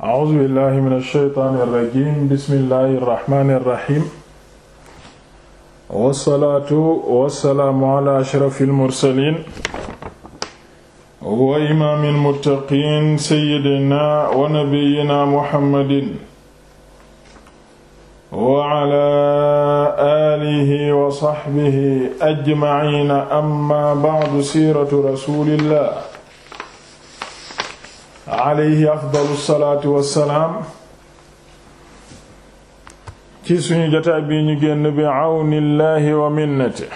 a'uuzu billahi min ash-shaytaani irrajim bismillahi irrahmani irrahim wassalaatu wassalaamu ala ashrafi almursalin wa imaami almuttaqiin sayyidina wa nabiyyina muhammadin wa ala aalihi wa sahbihi ajmaciina amma ba'du siiratu rasuulillah alayhi afdalu salaatu wassalaam ci suñu jotaay bii ñu génn bi àwnillaahi wa minnati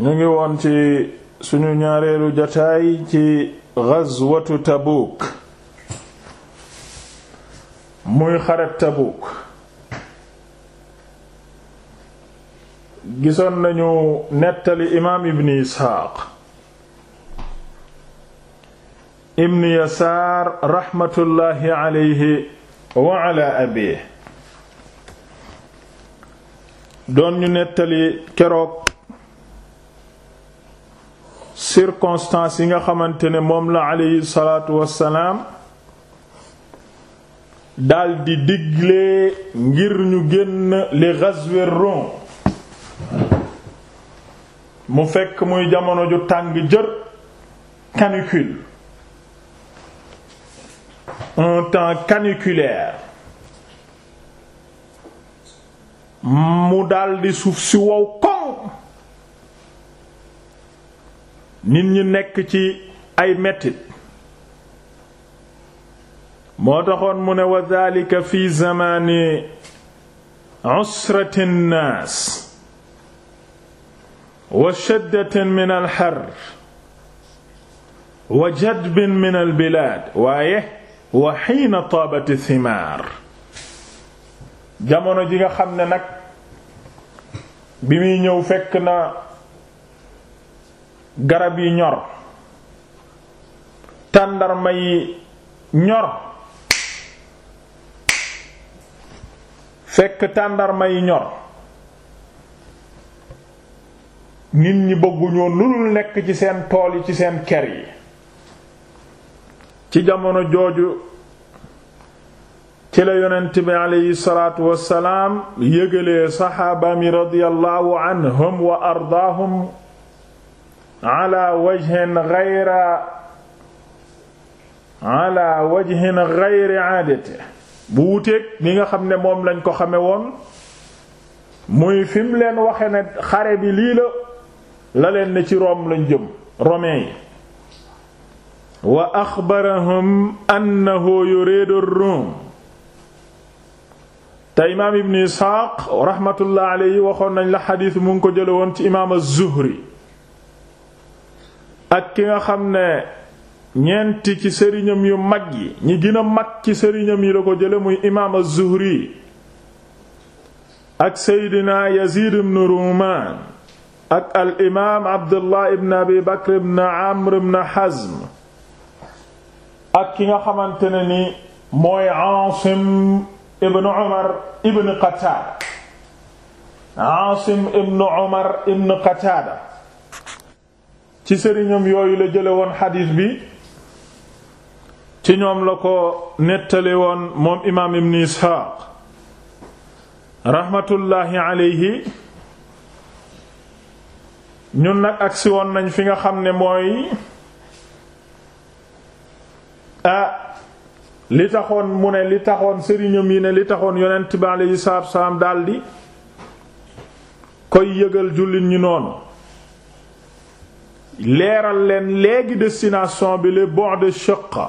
mu ngi woon ci suñu ñaareelu jotaay ci gazwatu tabuuk muy xare tabuuk gisoon nañu nettali imaam ibn isxaaq ibn yasaar raxmatullaahi alayhi wa ala doon ñu nettali keroog circonstances yi nga xamante ne moom la alayhi salaatu daldi digle ngir ñu génn li ghazwi Rum mu fekk muy jamono ju tàng jër canicule un temps caniculaire mu daldi suuf si wow koŋ nit ñi nekk ci ay mettit moo taxoon mu ne wa dhalika fi zamani usrati nnaas wa shiddatin min al har wa jadbin min al bilaad waaye wa xiina taabati thimaar jamono ji nga xam ne nag bi muy ñëw fekk na garab yi ñor tàndarma yi ñor fekk tàndarma yi ñor nit ñi bëgguñoon lu dul nekk ci seen tool yi ci seen kër yi ci jamono jooju ci la yonent bi aleyhi salaatu wassalaam yëgalee saxaaba mi radiyallahu anhum wa ardaahum ala wajhin ghayra ala wajhin ghayri bu wuteeg mi nga xam ne moom lañ ko xame woon muy fim leen waxe ne xare bi lii la la leen ne ci Rome lañ jëm romain yi wa axbarahum annahu yuridu ar-rum te imaam ibn isxaaq raxmatullah alayhi waxoon nañ la xadiis mu ko jële woon ci imaam az-zuhri ak ki nga xam ne ñeenti ci sëriñam yu mag yi ñi gën mag ci sëriñam yi la ko jële muy imaam az-zuhri ak seydina yazid ibn rumaan ak al imaam abdullah ibn abi bakr ibn amr ibn hazm ak ki nga xamante ne ni mooy Aasim ibn Umar ibn Qataada ci sëriñam yooyu la jële woon xadiis bi ci ñoom la ko nettale woon moom imaam ibn Isxaaq raxmatullaahi alayhi ñun nag agsi woon nañ fi nga xam ne mooy Ah, li taxoon mu ne li taxoon sëriñam yi ne li taxoon yonent bi alayhi salaatu wa daldi koy yëgal jullit ñi noonu leeral leen léegi destination bi le bu'd shaqqa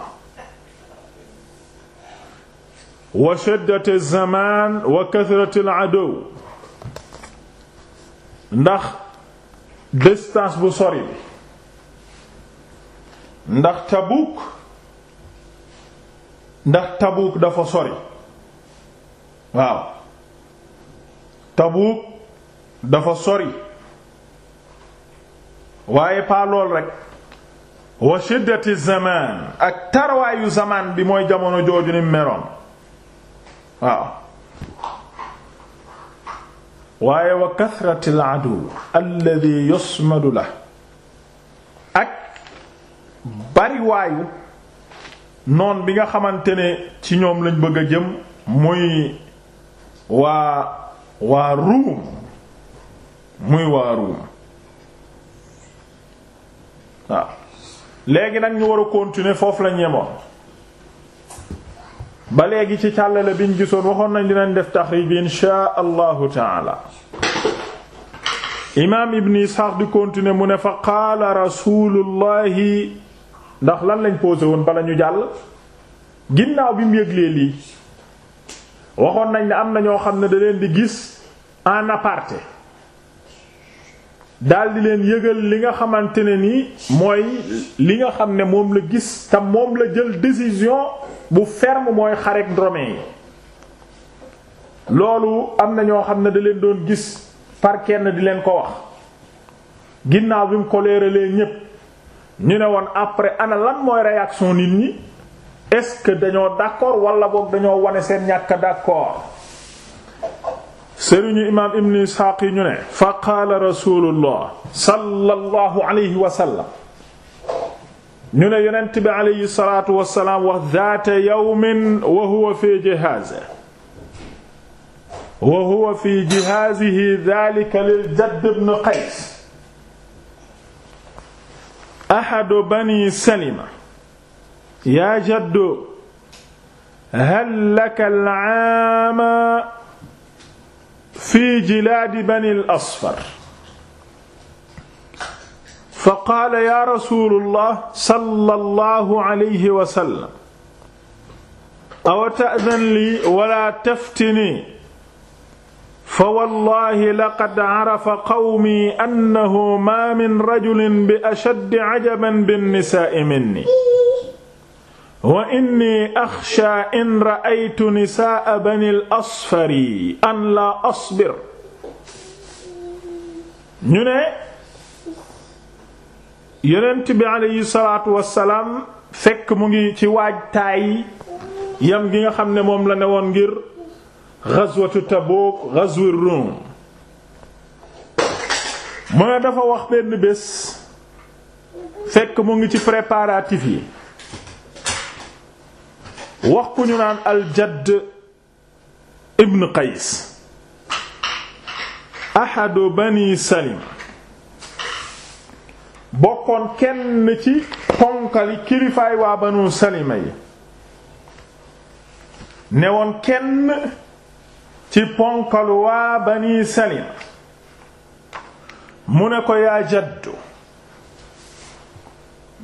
wa shiddati az wa kathrati al-aduw ndax distance bu sori bi ndax Tabuk ndax Tabuuk dafa sori waaw Tabuuk dafa sori waaye pas lool rek wa shiddati zamaan ak tarwaayu zamaan bi mooy jamono jooju ni meroon waaw waaye wa kathrati al adu alladhi yusmadu la ak bariwaayu noon bi nga xamante ne ci ñoom lañ bëgg a jëm muy waa waa ruum muy waa ruum léegi nag ñu war a continuer foofu la ñemoon ba léegi ci càllale biñ gisoon waxoon nañ dinañ def taxrij bi inshaa allahu taala imaam ibn Isxaaq di continuer mu ne fa qaala rasulullahi ndax lan lañ posé woon bala ñu jàll ginnaaw bi mu yëglee lii waxoon nañ ne am na ñoo xam ne da leen di gis en aparté daldi leen yëgal li nga xamante ne ni mooy li nga xam ne moom la gis te moom la jël décision bu ferme mooy xarek dromé yi loolu am na ñoo xam ne da leen doon gis par kenn di leen ko wax ginnaaw bi mu ko leeralee ñépp ñu ne woon après ana lan mooy réaction nit ñi est-ce que dañoo d'accord wala boog dañoo wane seen ñàkk d'accord sëriñu imaam ibn isxaaq yi ñu ne fa qaala rasulullah sallallahu alayhi wa sallam ñu ne yonent bi alayhi salatu wasalaam wax zaata yawmin wa huwa fi jihaazihi wa huwa fi jihaazihi dhaalika lil jadd ibn qays ahadu bani salima yaa jaddo hal laka alaama fi jilaadi bani alasfar fa qaala yaa rasuulullah sallallahu alayhi wa sallam awa ta'dan lii wala taftinii fa wallaahi laqad arafa qawmi annahu maa min rajulin bi ashaddi cajaban binnisaa'i minni wa inni axshaa in ra'aytu nisaa'a banil asfari an laa asbir ñu ne yonent bi aleyhi salaatu wa salaam fekk mu ngi ci waajtaay yam gi nga xam ne moom la ne woon ngir ghazwatu Tabuk ghazwur mu ne dafa wax benn bés fekk mu ngi ci préparatif yi wax ku ñu naan Al-Jadd ibn Qays ahadu bani Salim bokkoon kenn ci ponkali kilifaay waa banu Salima yi newoon kenn ci ponkal waa bani salima mu ne ko yaa jaddu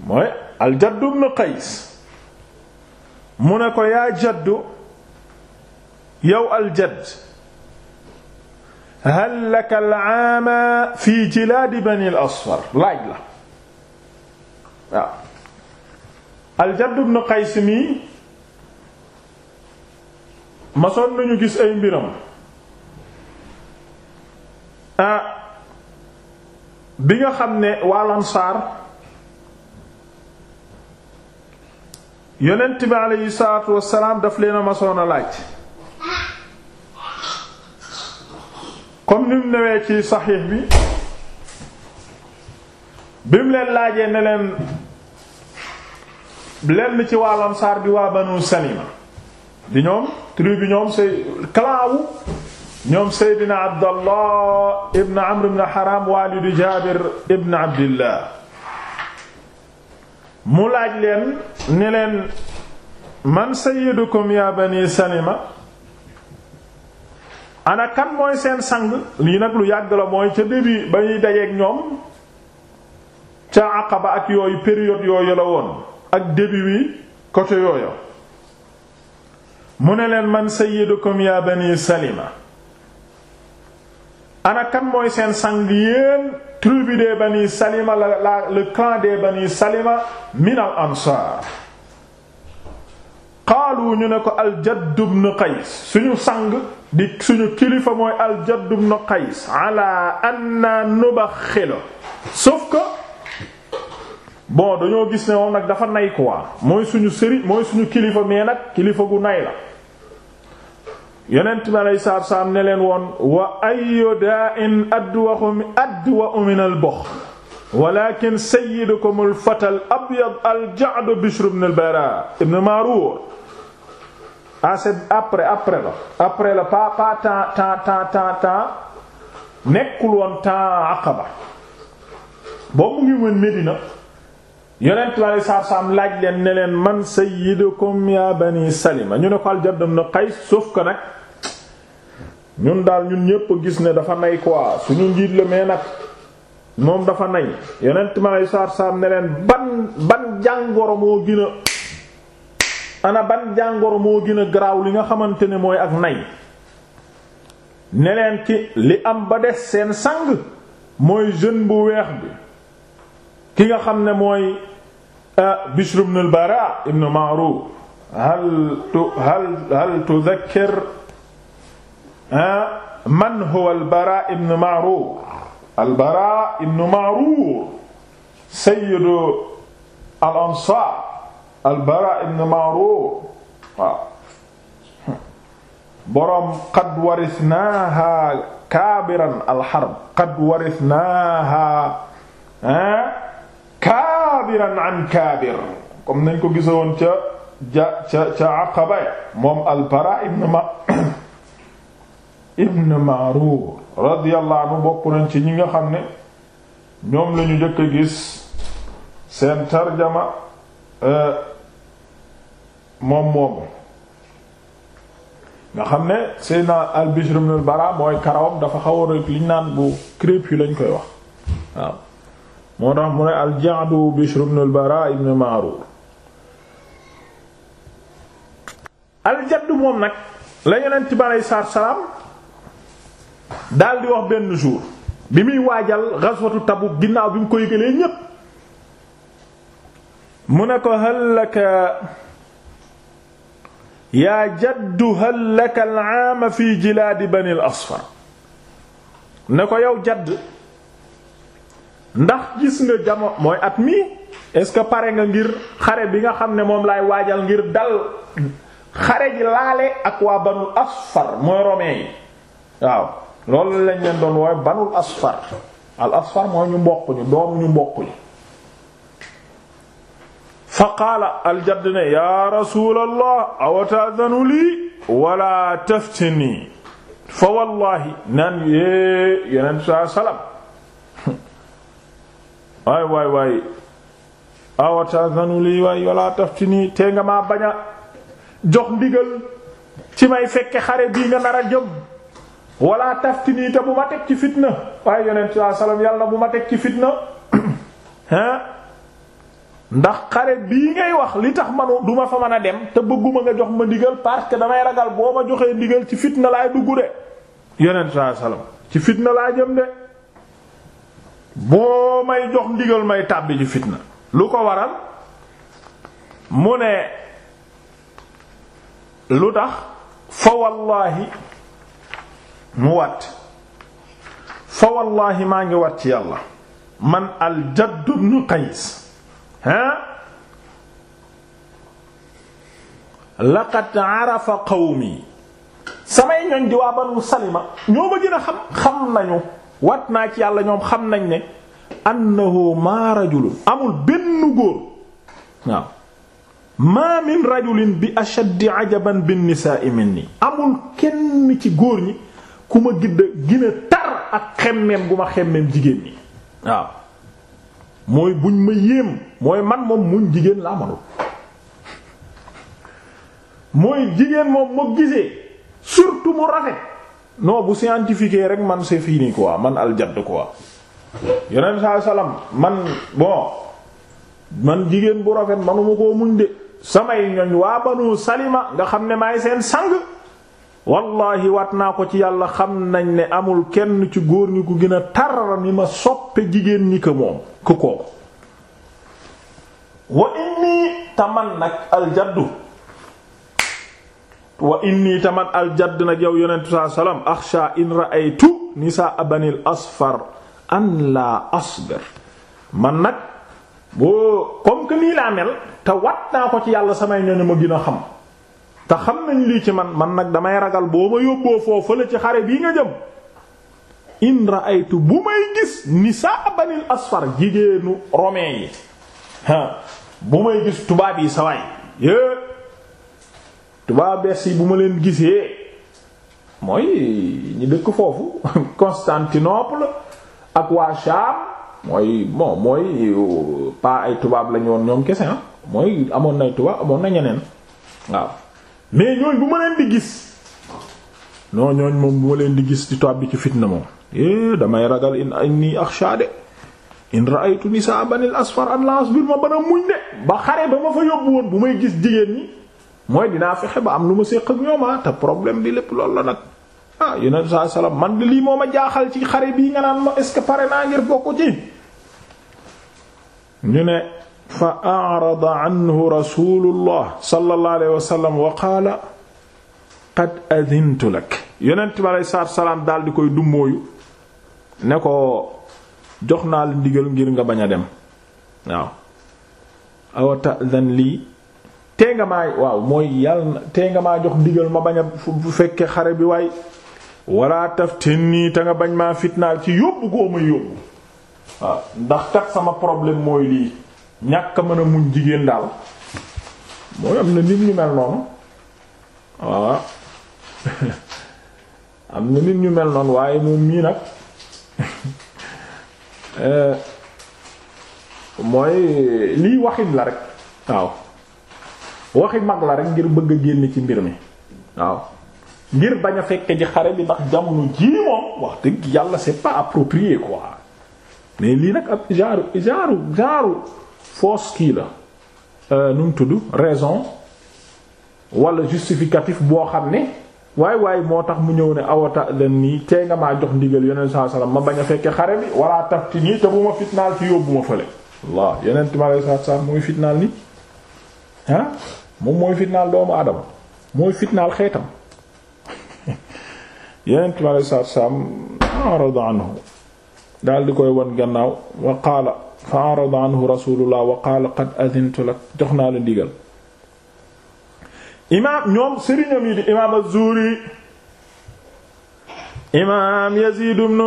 mooy aljaddu ibn qays mu ne ko yaa jaddu yow aljadd hal laka alaama fi jilaadi bani al-asfar laaj la waaw aljaddu ibn qays mi mason nañu gis ay mbiram ah, bi nga xam ne waa lansaar yonent bi aleyhi salaatu wassalaam daf leen a masoon a laaj comme ni mu newee ci saxiix bi bi mu leen laajee ne leen lenn ci waa lansaar di waa banu salima di ñoom tribu bi ñoom say clan wu ñoom Seydina Abdallah ibn Amr ibn Haram walidu Jaabir ibn Abdillah mu laaj leen ne leen man sayyidukum ya bani Salima ana kan mooy seen sang lii nag lu yàgg la mooy ca début ba ñuy dajeeg ñoom ca Aqaba ak yooyu période yooyu la woon ak début wi côté yooyu mu ne leen man sayyidukum ya bani salima ana kan mooy seen sang yéen tribu des bani salima le clan des bani salima min al ansaar qaalu ñu ne ko al jadd ibn qays suñu sang di suñu kilifa mooy al jadd ibn qays ala anna nubaxilo sauf que bon dañoo gis ne moom nag dafa nay quoi mooy suñu sëriñ mooy suñu kilifa mais nag kilifa gu nay la yonent bi aleyhi salaatu salaam ne leen woon wa ayyu daa'in adwa'u min al-bukhl walakin sayyidukum al-fata al-abyad al-ja'd Bishr ibn al-Bara ibn Ma'rur ah c'est après après la après la pas pas temps temps temps nekkul woon temps Aqaba boobu mu ngi woon Medina yonent bi alei saatu laaj leen ne leen man sayyidukum ya bani salima ñu ne ko Al-Jadd ibn Qays sauf que nag ñun daal ñun ñépp gis ne dafa nay quoi suñu njiit la mais nag moom dafa nay yonent bi alei saatu salaam ne leen ban ban jàngoro moo gën ana ban jàngoro moo gën a garaaw li nga xamante ne mooy ak nay ne leen ki li am ba des seen sang mooy jeune bu weex bi ki nga xam ne mooy ah, Bishr ibn al-Bara ibn Ma'rur hal tu hal hal tudhakkir ah, man huwa al-Bara ibn Ma'rur al-Bara ibn Ma'rur sayyidu al-ansaar al-Bara ibn Ma'rur waaw boroom qad warithnaaha kaabiran al-harb qad warithnaaha ah, xaabiran an kaabir comme nañ ko gisoon ca ja ca ca Aqaba moom al-Bara ibn ma ibn Ma'rur radiyallahu anhu bokk nañ ci ñi nga xam ne ñoom lañu jëkk a gis seen tarjama euh, moom moomu nga xam ne Seydina al-Bishr ibn al-Bara mooy karawam dafa xaw liñ naan bu crêpe lañ koy wax moo tax mu ne al-Ja'du Bishr ibn al-Bara ibn moom nag la Yonent bi aleyhi salaatu salaam daldi wax benn jour bi muy waajal ghazwatu Tabuk ginnaaw bi mu ko yëgalee ñépp mu ne ko hal laka yaa jaddu hal al-'aam fi jilaadi Bani al-Asfar ne ko yow jadd ndax gis nga jamo mooy at mi est-ce pare nga ngir xare bi nga xam ne moom laay waajal ngir dal xare ji laale ak waa banul asfar mooy romain yi waaw loolu lañ leen doon woowe banul asfar al asfar mooy ñu mboq ñu doom ñu mboq li fa qaala aljadd ne ya rasulallah awa ta'dhanu lii wala taftini fa wallahi naan yé yeneen sa salam waay waay waay awatazanu lii waay wala taftini te nga maa bañ jox ndigal ci may fekke xare bii nga nar a jëm wala taftini te bu ma teg ci fitna waaye yonent sallallahu alayhi wasallam yàlla na bu ma teg ci fitna hein ndax xare bii ngay wax li tax manu duma fa mën a dem te bëgguma nga jox ma ndigal parce que damay ragal boo ma joxee ndigal ci fitna laay dugg de yonent sallallahu alayhi ci fitna laa jëm de boo may jox ndigal may tàbbi ci fitna lu ko waral mu ne lu tax fa wallaahi mu wat fa wallaahi maa ngi wat ci yàlla man aljadd ibn qays ha laqad arafa qawmi samay ñoñ di waa banu salima ñoo ma gën a xam xam nañu wat naa ci yàlla ñoom xam nañ ne annahu maa rajulun amul benn góor waaw maa rajulin bi ashaddi ajaban bin nisa'i minni amul kenn ci góor ñi ku ma gidda gina tar ak xemmeem gu ma xemmeem jigéen ñi waaw mooy buñ ma yéem mooy man moom muñ jigéen laa manul mooy jigéen moom moo gisee surtout mu rafet non bu scientifique rek man c'est fini quoi man aljadd quoi yeneen saa salaam man bon man jigéen bu rafet manuma koo muñ de samay ñoñ waa banu salima nga xam ne maay seen sang wallahi wat naa ko ci yàlla xam nañ ne amul kenn ci góor ñi ku gën a tar ni ma soppe jigéen ñi ko moom ku kooku wa inni taman nag aljaddu wa inni taman aljadd nag yow yonentu saa salaam axsha in ra'aytu nisaa banil asfar an laa asbir man nag boo comme que nii laa mel te wat naa ko ci yàlla samay ñoñu ma gën a xam te xam nañ lii ci man man nag damay ragal boo ma yóbboo foofu la ci xare bii nga jëm in ra'aytu bu may gis nisaa banil asfar jigéenu romain yi bu may gis tubaab yi sawaay tubaabees yi bu ma leen gisee mooy ñi dëkk foofu Constantinople ak waa Sham mooy bon mooy euh, pas ay tubaab lañu woon ñoom kese ah mooy amoon na ay tubaab amoon na ñeneen waaw mais ñooñ bu ma leen di gis noo ñooñ moom bu ma leen di gis di tubaab bi ci fitna moom eh damay ragal in inni akhsha de in ra'aytu nisaa banil asfar an la asbir ma bana muñ de ba xare ba ma fa yóbbu woon bu may gis jigéen ñi mooy dinaa fexe ba am lu ma séq ak ñooma ah, te problème bi lépp loolu la nag ah yonent saa salaam man de lii moo ma jaaxal ci xare bii nga naan ma est-ce que pare naa ngir bokk ci ñu ne fa a'rada anhu rasulullah sallallahu alayhi wa sallam wa qaala qad adintu lak yonent salaam daal di koy dummóoyu ne ko jox naa la ndigal ngir nga bañ a dem waaw awa ta'zan lii tee nga maa waaw mooy yàlla tee nga maa jox digal ma bañ a fekke xare bi waay wala taf te nii te nga bañ maa fitnaal ci yóbbu goo may yóbbu waaw ndax kat sama problème mooy lii ñàkk mën a muñ jigéen daal mooy mel noonu waaw am na nit ñu mel noonu waaye moom mii nag eh, mooy lii waxin la rek waaw waxi mag la rek ngir bëgg a génn ci mbir mi waaw ngir bañ a fekke ji xare bi ndax jamono ji moom wax dëgg yàlla c'est pas approprié quoi mais lii nag ab genre genre genre fausse kii la euh, nu mu tudd raison wala justificatif boo xam ne waaye waaye moo tax mu ñëw ne awata den nii te nga maa jox ndigal yeneen saa salaam ma bañ a fekke xare bi wala taf ci nii te bu ma fitnaal ci yóbbu ma fële waaw yonent ma lay saa muy fitnaal nii ah? moom mooy fitnaal doomu aadama mooy fitnaal xeetam yonent mi aleyhi salaatu salaam arada anhu daal di koy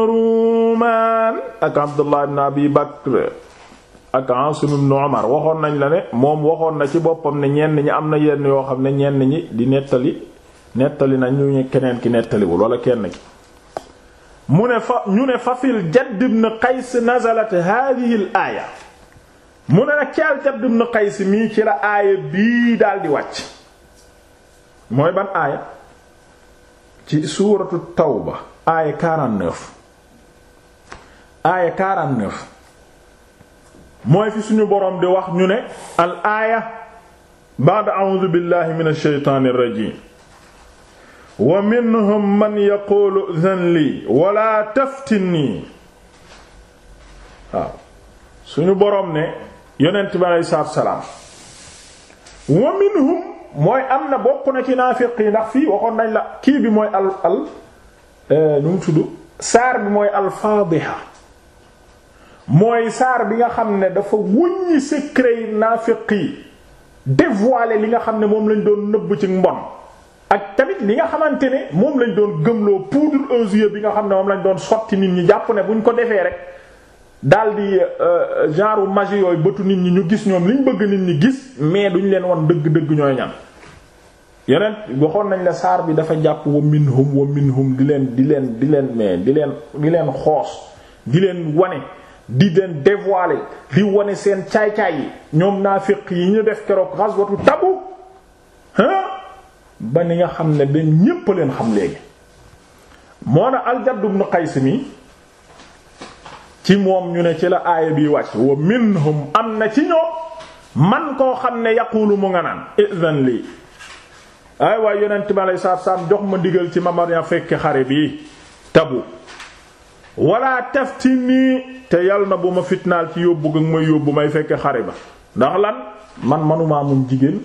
Ruumaan ak Abdullah ibn Abi Bakr ak Asim ibn Umar waxoon nañ la ne moom waxoon na ci boppam ne ñenn ñi am na yenn yoo xam ne ñenn ñi di nettali nettali na ñu keneen ki nettaliwul walla kenn ki mu ne fa ñu ne fa fil Jadd ibn Qays nazalat aaya mu ne nag ci al Jadd ibn Qays mii ci la aaya bii daal wàcc mooy ban aaya ci suuratu Tawba aaya 49 aaya 49 mooy fi suñu boroom di wax ñu ne al aaya ba'da a'uudu billahi minash shaytaanir rajiim wa minhum man yaqulu zan lii wala taftinni waaw suñu boroom ne yonent bi aleyhi salaam wa minhum mooy am na bokk na ci naafiq yi ndax fii waxoon nañ la kii bi mooy al al eh, nu mu tudd saar bi mooy al faadiha mooy saar bi nga xam ne dafa wuññi secret yi naafiq yi dévoiler li nga xam ne moom lañ doon nëbb ci mbon ak tamit li nga xamante ne moom lañ doon gëmloo poudre aux yeux bi nga xam ne moom lañ doon sotti nit ñi jàpp ne ñu ko defee rek daldi euh, genre magie yooyu bëtu nit ñi ñu gis ñoom liñ bëgg nit ñi gis mais duñ leen won dëgg-dëgg ñooy ñan yeneen waxoon nañ la saar bi dafa jàpp wa minhum wa minhum di leen di leen di leen mais di leen di leen xoos di leen wane di den dévoiler li wane seen caay-caay yi ñoom naafiq yi ñu def keroog ghazwatu Tabuk ba ni nga xam ne benn ñépp leen xam léegi moo na Al-Jadd ibn mi ci moom ñu ne ci la aaya bi wàcc wa minhum am na ci ñoom man koo xam ne yaqulu mu nga naan izan lii ay waaye yonent bi aleyhi salaatu salaam jox ma ndigal ci ma ma fekk xare bi Tabuk wala taftini te yal na bu ma fitnaal ci yóbbu ga may yóbbu may fekk xare ba ndax lan man manuma amum jigéen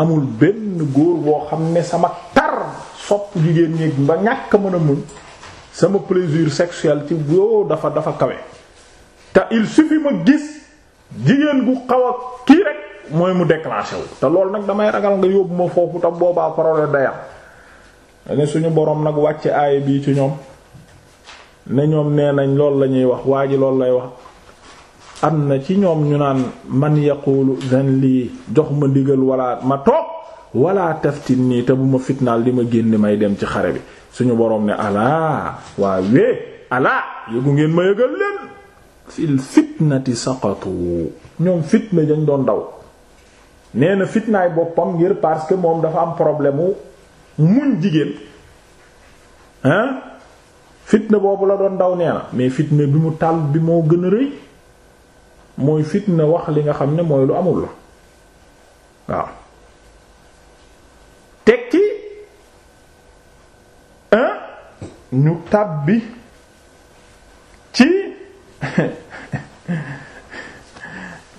amul benn góor boo xam ne sama tar sopp jigéen ñi ba ñàkk mën a mën sama plaisir sexuel ci boo dafa dafa kawe te il suffit ma gis jigéen bu xaw a kii rek mooy mu déclenché wu te loolu nag damay ragal nga yóbbu ma foofu te boobaa problème day am ne suñu boroom nag wàcce aaya bii ci ñoom ne ñoom nee nañ loolu la ñuy wax waa ji loolu lay wax am na ci ñoom ñu naan man yaqulu dan lii jox ma ndigal wala ma toog wala taftin nii te bu ma fitnaal di ma génn may dem ci xare bi suñu boroom ne alaa waa wee alaa yëgu ngeen ma yëgal leen fil fitnati saqatu ñoom fitna dañ doon daw nee na fitnaay boppam ngir parce que moom dafa am problème mu muñ jigéen fitna boobu la doon ndaw nee na mais fitna bi mu tàll bi moo gën a rëy mooy fitna wax li nga xam ne mooy lu amul la waaw tekki ñu tàbbi ci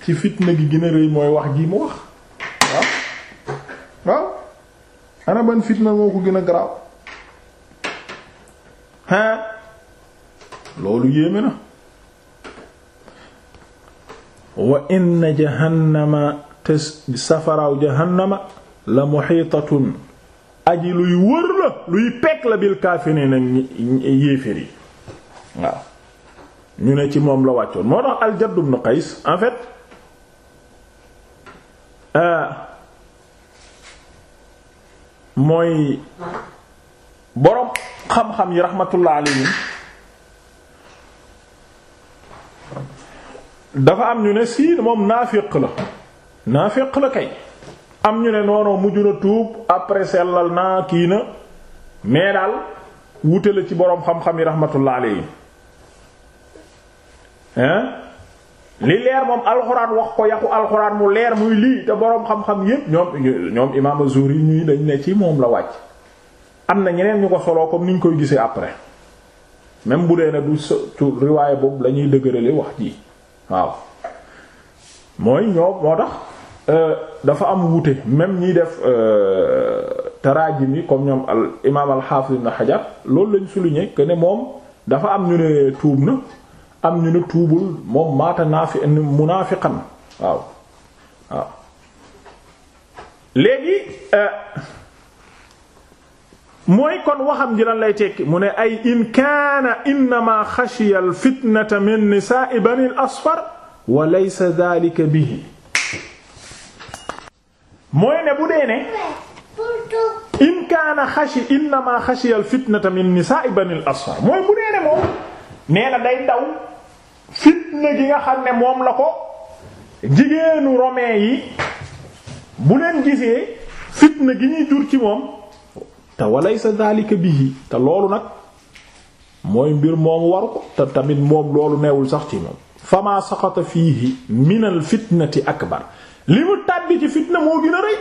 ci fitna gi gën a rëy mooy wax gi mu wax waaw waaw fitna moo ko gën a garaaw loolu yéeme na wa inna jahannama te safaraaw jahannama la muhiitatun aji luy wër la luy pekk la bil kaafiriin ak yéeféer yi waaw ñu ne ci moom la wàccoon moo tax al-Jadd ibn Qays euh, mooy xam-xam yi rahmatullah alayhim dafa am ñu ne sii moom naa naafiq la naa féq la kay am ñu ne noonu mujj na tuub après sellal naa kii na mais daal wute la ci boroom xam-xam yi rahmatullah alayhim hein li leer moom alxuraan wax ko yàqu alxuraan mu leer muy lii te boroom xam-xam yépp ñoom ñoom imaam az-Zuhri ñuy dañ ne ci moom la wàcc am na ñeneen ñu ko soloo comme ni ñu koy gisee après même bu dee ne du sa riwaay boobu lañuy ñuy dëgërale wax ji waaw mooy ñoo moo tax euh, dafa am wuute même ñiy def euh, taraajim yi comme ñoom al imaam al xaafis ibn Hajar loolu lañ souligné que ne moom dafa am ñu ne tuub na am ñu ne tuubul moom maata naafi munaafiqan waaw waaw léegi. Euh, mooy kon waxam ji lan lay tekki mu ne ay in kaana innama xashiya al fitnata min nisa'i bani al asfar wa laysa dhalika bihi mooy ne bu dee in kaana xashi innama xashiya al min nisa'i bani asfar mooy bu dee moom nee day daw fitna gi nga xam ne moom la ko jigéenu romain yi bu leen gise fitna gi ñuy jur ci moom te walaysa dhalika bihi te loolu nag mooy mbir moomu waru ko te tamit moom loolu neewul sax ci moom fama saqata fiihi min al fitnati akbar li mu tàbbi ci fitna moo gën a rëy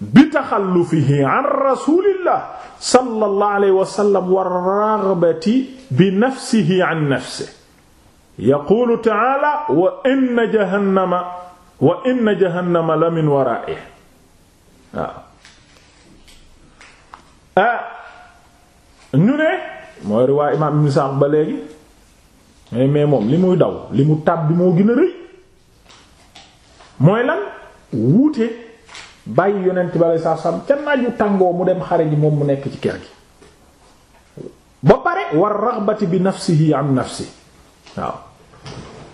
bi taxallufihi an rasulillah sallallahu alayhi wa sallam wa raghbati bi nafsihi an nafsihi yaqulu ta'ala wa inna jahannama wa inna jahannama la min wara'ihi waaw ah ñu ne mooy riwaay imaam ibn ba léegi mais eh, mais moom li muy daw li mu tàbbi moo gën a rëy mooy lan wuute bàyyi yonent bi aleyhi salaatu salaam ca naaju tàngoo mu dem xare ji moom mu nekk ci kër gi ba pare war raxbati bi nafsihi am nafsi waaw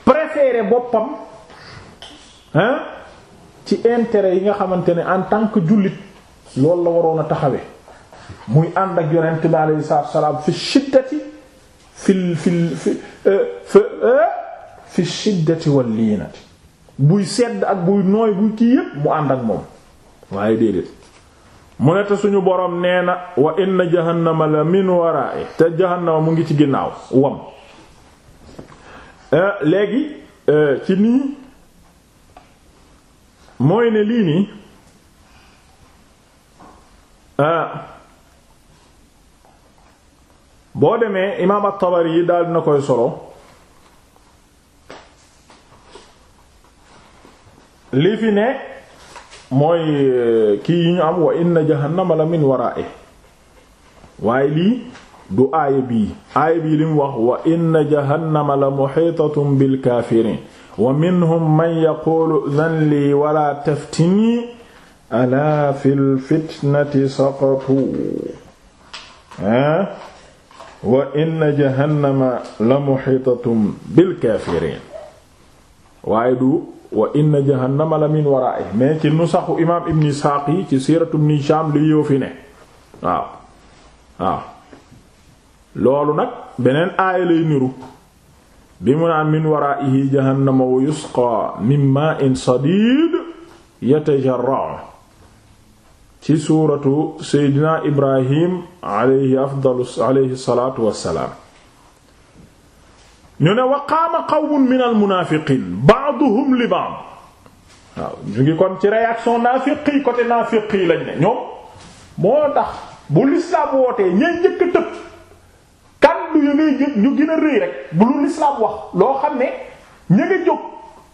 préférer boppam hein ci intérêt yi nga xamante ne en tant que jullit loolu la waroon a taxawee muy ànd ak yonent bi alayhi salaatu fi shiddati fil fil fi euh, euh, fi shiddati wal liinati buy sedd ak buy nooy buy kii yépp mu ànd ak moom waaye déedéet mu ne te suñu boroom nee na wa inna jahannama la min waraa'i te jahannama mu ngi ci ginnaaw wam euh, léegi ci nii mooy ne lii nii boo demee imaam at-Tabari yi daal dina koy solo li ne mooy eh, kii yi ñu am wa inna jahannama la min wara'i waaye lii du aaya bii aaya wax wa inna jahannama la muhitatun bil kaafiriin wa minhum man yaqulu taftinii alaa fil fitnati saqatu ha wa inna waaye du wa inna jahannama la min waraa'i ci nusaxu imaam ibn Isxaaq ci siiratu ibn Hishaam li yoo fi ne waaw loolu nag beneen aaya lay niru bi mu naan min jahannama wa yusqaa min maa'in sadiid yatajarra'u ci suuratu seydina ibrahim alayhi afdalu alayhi salaatu wassalaam ñu ne wa qaama qawmun min almunaafiqiin ba'duhum li ba'd waaw ñu ngi kon ci réaction naafiqi côté naafiqi lañ ne ñoom moo tax bu lislaam wootee ñay njëkk a tëb kàddu ya ngay jël ñu gën a rëy rek bu lu lislaam wax loo xam ne ña nga jóg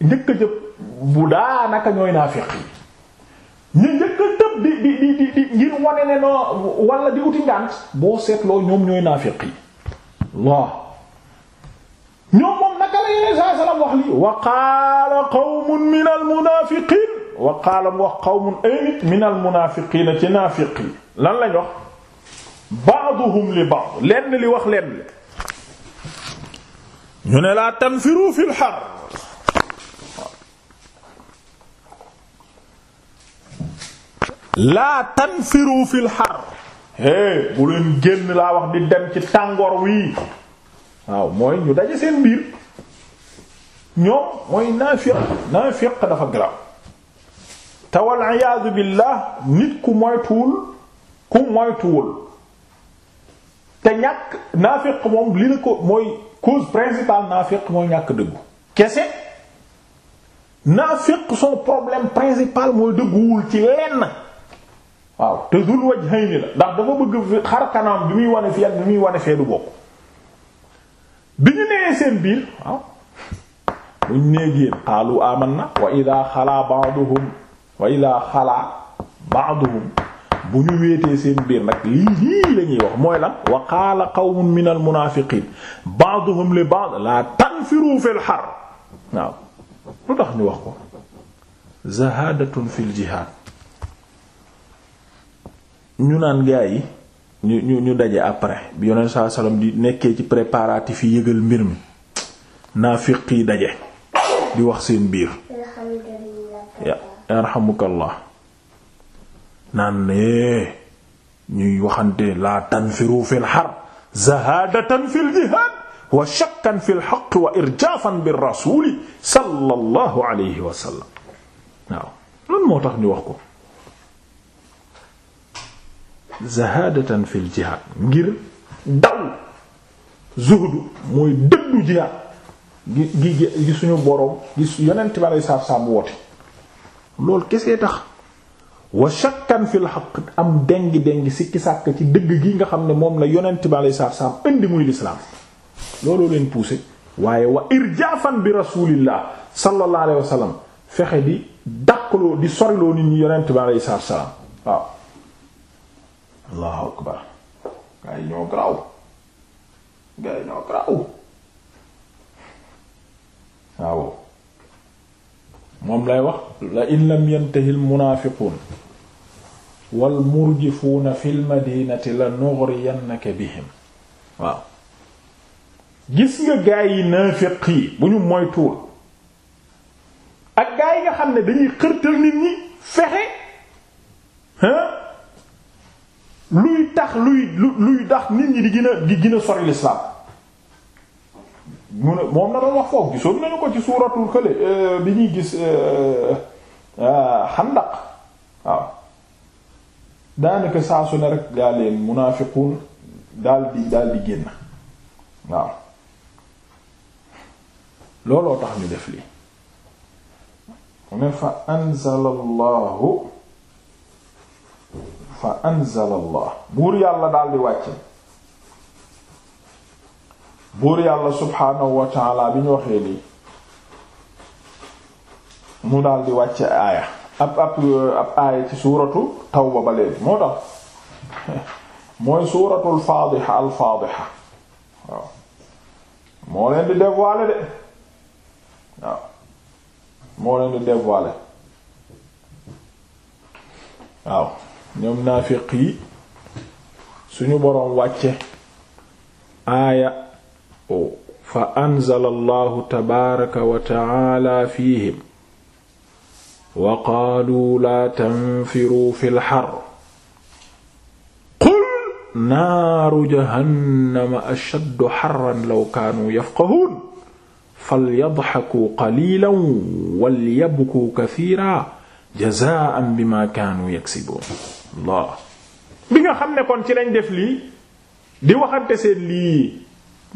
njëkk a jëp bu daanaka ñooy naafiqi ñu njëkk a tëb di di di ne noo wala di uti ngànt boo seetloo ñoom ñooy naafiq yi waaw ñoom moom naka la yeneen saa salaam wax lii wa qaala qawmun min al wax qawmun ay nit min al munaafiqiin ci naafiq yi lan lañ wax ba'duhum li ba'd lenn li wax lenn ñu ne laa tanfiru fil laa tanfiru fil xar hé bu leen génn laa wax di dem ci tàngoor wii waaw mooy ñu daje seen biir ñoom mooy naafiq naafiq dafa garaaw te wal iyaadu billah nit ku moytuwul ku moytuwul te ñàkk naafiq moom li la ko mooy cause principale naafiq mooy ñàkk dëggu kese naafiq son problème principal mooy dëgguwul ci lenn waaw te dul wajhayni la ndax dafa bëgg xar kanam bi muy wane fii ak bi muy wane fee bokk bi ñu nee seen biir waaw bu ñu nee génn qaalu amanna wa idha xalaa ba'duhum bu ñu weetee seen biir nag lii lii lañuy wax mooy lan wa qaala qawmun min al munaafiqiin li ba'd laa tanfiru fil har waaw tax ñu wax ko zahadatun fil jihad ñu naan gaa yi ñu ñu ñu daje après bi yonent salaam di nekkee ci préparatifs yi yëgal mbir mi naafiq yi daje di wax seen biir ya yarhamukallah naan ne ñuy waxante la tanfiru fil harb zahaadatan fil jihaad wa shakkan fil haqq wa waaw lan moo tax ñu wax ko zahaadatan fil jihaad ngir daw zuhdu mooy dëddu jihaad gi gi gi suñu boroom gi yonent ba lay saab saab woote loolu kesee tax wa shakkan fil haqq am dengi dengi sikki sàkk ci dëgg gi nga xam ne moom la yonent ba lay saab saab indi muy lislaam looloo leen poussé waaye wa irjaafan bi rasulillah sallallahu fexe di dàqloo di soriloo nit ñi yonent bi alayhi salaam waaw allahu akbar gaa yi ñoo graw gaa yi ñoo graw waaw moom lay wax la in lam yantahi al munaafiquun wal murjifuuna fil madinati la nugriyannaka bihim waaw gis nga gaa yi naafiq bu ñu moytuwul ak gaa yi nga xam ne dañuy xërtal nit ñi fexe luy tax luy luy tax nit ñi di gën a di gën a sori l'islam mu ne moom na doon wax foofu gisoon nañu ko ci suuratul kële euh, bi ñuy gis xandaq euh, euh, waaw daanaka saa su ne rek daa leen munaafiquun daal di daal di génn waaw looloo tax ñu def lii mu ne fa anzala fa anzala allah buur yàlla daldi wàcce buur yàlla subhaanahu wa taala bi ñu waxee lii mu daldi wàcce aaya ab ab ab aaya ci suuratu tawba ba léegi moo tax mooy suuratul faadixa al faadixa waaw moo de waaw moo leen di ñoom naafiq yi suñu boroom wàcce aaya fa anzala allahu tabaaraka wa ta'ala fiihim wa qaalu laa tanfiruu fil har qul naaru jahannama ashaddu harran law kaanuu yafqahuun falyadhakuu qaliilan walyabkuu kathiiran jazaa'an bima kaanu yaksibuun Allah bi nga xam ne kon ci lañ def lii di waxante seen lii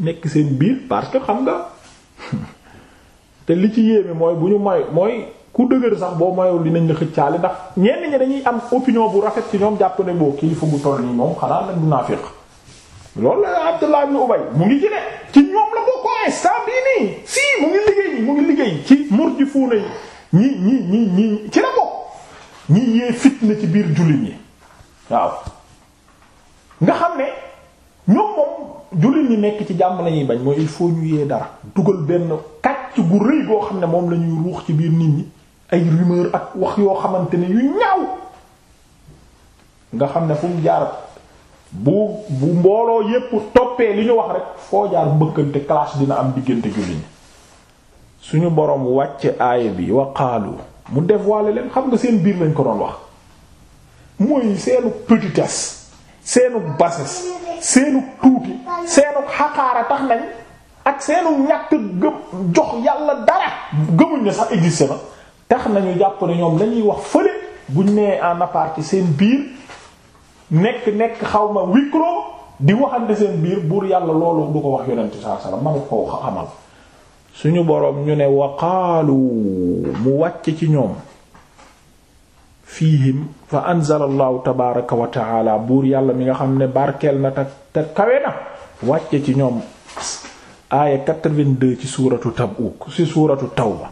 nekk seen biir parce que xam nga te li ci yéeme mooy bu ñu moy mooy ku dëgër sax boo moyul dinañ la xëccaale ndax ñenn ñi dañuy am opinion bu rafet ci ñoom jàpp ne boo kilifa gu toll nii moom xanaa nag munaafiq loolu la Abdullah ibn Ubay mu ngi ci ci ñoom la boo ko ay nii si mu ngi liggéey mu ngi liggéey ci murjifuuna yi ñi ñi ñi ñi ci la bokk ñi yee fitna ci biir jullit yi waaw nga xam ne ñoom moom jullit ñi nekk ci jàmm lañuy bañ mooy il faut ñu yee dara dugal benn kàcc gu rëy goo xam ne moom lañuy ruux ci biir nit ñi ay rumeur ak wax yoo xamante ne yu ñaaw nga xam ne fu mu jaar bu bu mbooloo yépp toppee li ñu wax rek foo jaar mbëkkante clash dina am diggante jullit ñi suñu boroom wàcc aaya bi wa qaalu mu def waale leen xam nga seen biir lañ ko doon wax mooy seenu petitesse seenu bassesse seenu tuuti seenu xaqaara tax nañ ak seenu ñàkk gëm jox yàlla dara gëmuñ ne sax existé ma tax nañu jàpp ne ñoom lañuy wax fële buñ nee en aparté seen biir nekk nekk xaw ma wiclo di waxante seen biir buur yàlla loolu du ko wax yonente saa sala man ko xamal suñu boroom ñu ne waqaalu mu wàcce ci ñoom fiihim fa anzala allahu tabaraka buur yàlla mi nga xam ne barkeel na te te kawe na wàcce ci ñoom aaya 82 ci suuratu Tabuk ci suuratu Tawba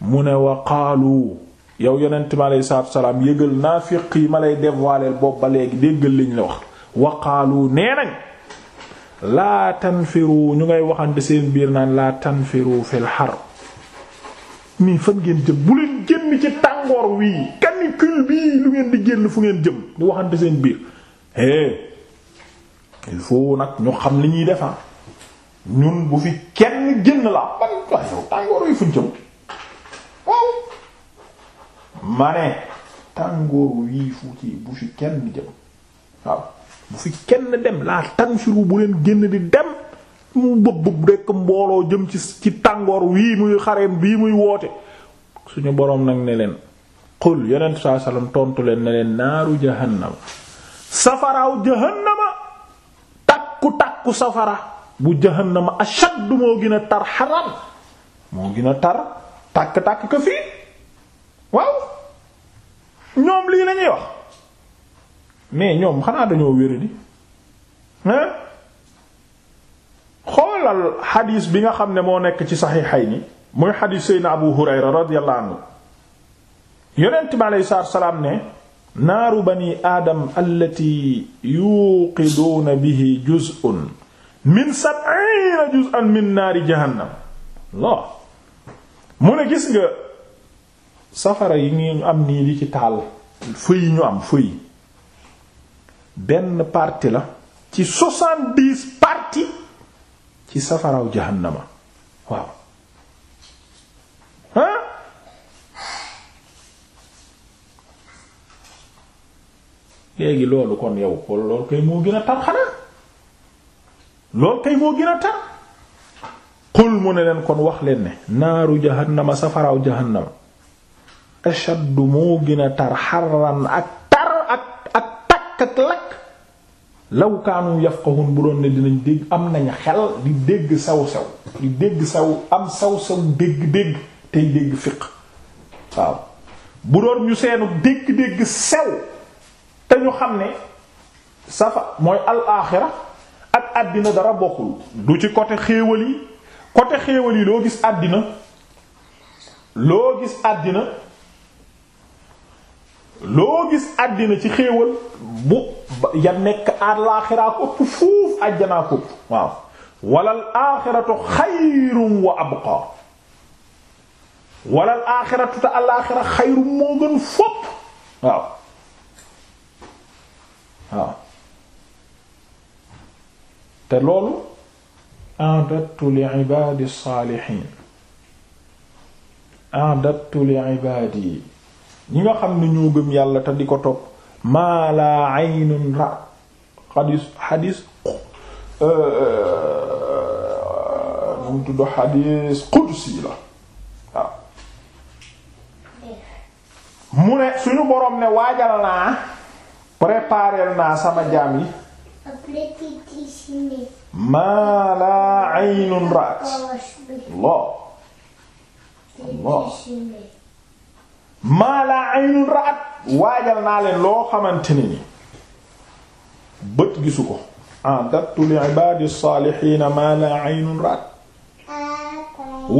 mu ne waqaalu yow yonent mi aleyhi salaatu salaam yëgal naafiq yi ma lay dévoiler boobu ba léegi déggal liñ la wax waqaalu nee nañ laa tanfiru ñu ngay waxante seen biir naan laa tanfiru fil har mii fan ngeen jëm bu leen génn ci tàngoor wii canicule bii lu ngeen di génn fu ngeen jëm di waxante seen biir eh il faut nag ñu xam li ñuy defar ah. ñun bu fi kenn génn la ban yow tàngoor wi ma ne tàngoor wii fu ci bu fi kenn jëm bu fi kenn dem laa tanfiru bu leen génn di dem mu bëb rekk mbooloo jëm ci ci tàngoor wii muy xareem bii muy woote suñu boroom nag ne leen qul yonent saa salaam tontu leen ne leen naaru jahannama safaraaw jahannama takku takku safara bu jahannama ashaddu moo gën a tar xaram moo gën a tar takk takk ko fii waaw ñoom lii lañuy wax mais ñoom xanaa dañoo wéradi xoolal xadiis bi nga xam ne moo nekk ci saxiixayni muy xadiis Seydina Abu Hurayra radiyallahu anhu yonent bi aleyhi salaam ne naaru bani aadam allati yuqiduuna naari jahannam loo mu ne gis nga safara yi ngi am nii li ci taal fëy ñu am fëy benn parti la ci soixante-dix parti ci safaraw jahannama waaw ah léegi loolu kon yow ko loolu kay moo gën a tar xanaa loolu kay moo gën a tar xul mu ne leen kon wax leen ne naaru jahannama safaraw jahannama ashaddu moo gën a tar xarran ak lakkat lakk law kaanu yafqahun bu doon ne dinañ dégg am nañ xel di dégg sew saw di dégg saw am saw saw dégg dégg tey dégg fiq waaw bu doon ñu seenu dégg dégg sew te ñu xam ne safa mooy al aaxira ak àddina dara bokkul du ci côté xéewal yi côté xéewal yi loo gis àddina loo gis àddina loo gis àddina ci xéewal bu ya nekk alaaxiraa ko ëpp fuuf àjjanaa ko ëpp waaw walal aaxiratu xayrun wa abqaa walal aaxiratu te alaaxira xayrun moo gën fopp waaw waaw te loolu a'dattu li ibaadi saalihiin a'dattu li ibaadi ñi nga xam ne ñoo gëm yàlla te di ko topp maa laa aynun ra xadis xadis euh, euh, mu tudd xadis qudsi boroom ne waajal naa prépareel naa sama jaam yi maa laa aynun raat Allah maa laa aynun ra'at waajal naa leen loo xamante ne ni bët gisu ko a'dattu li ibaadi saalihiina maa laa aynun ra'at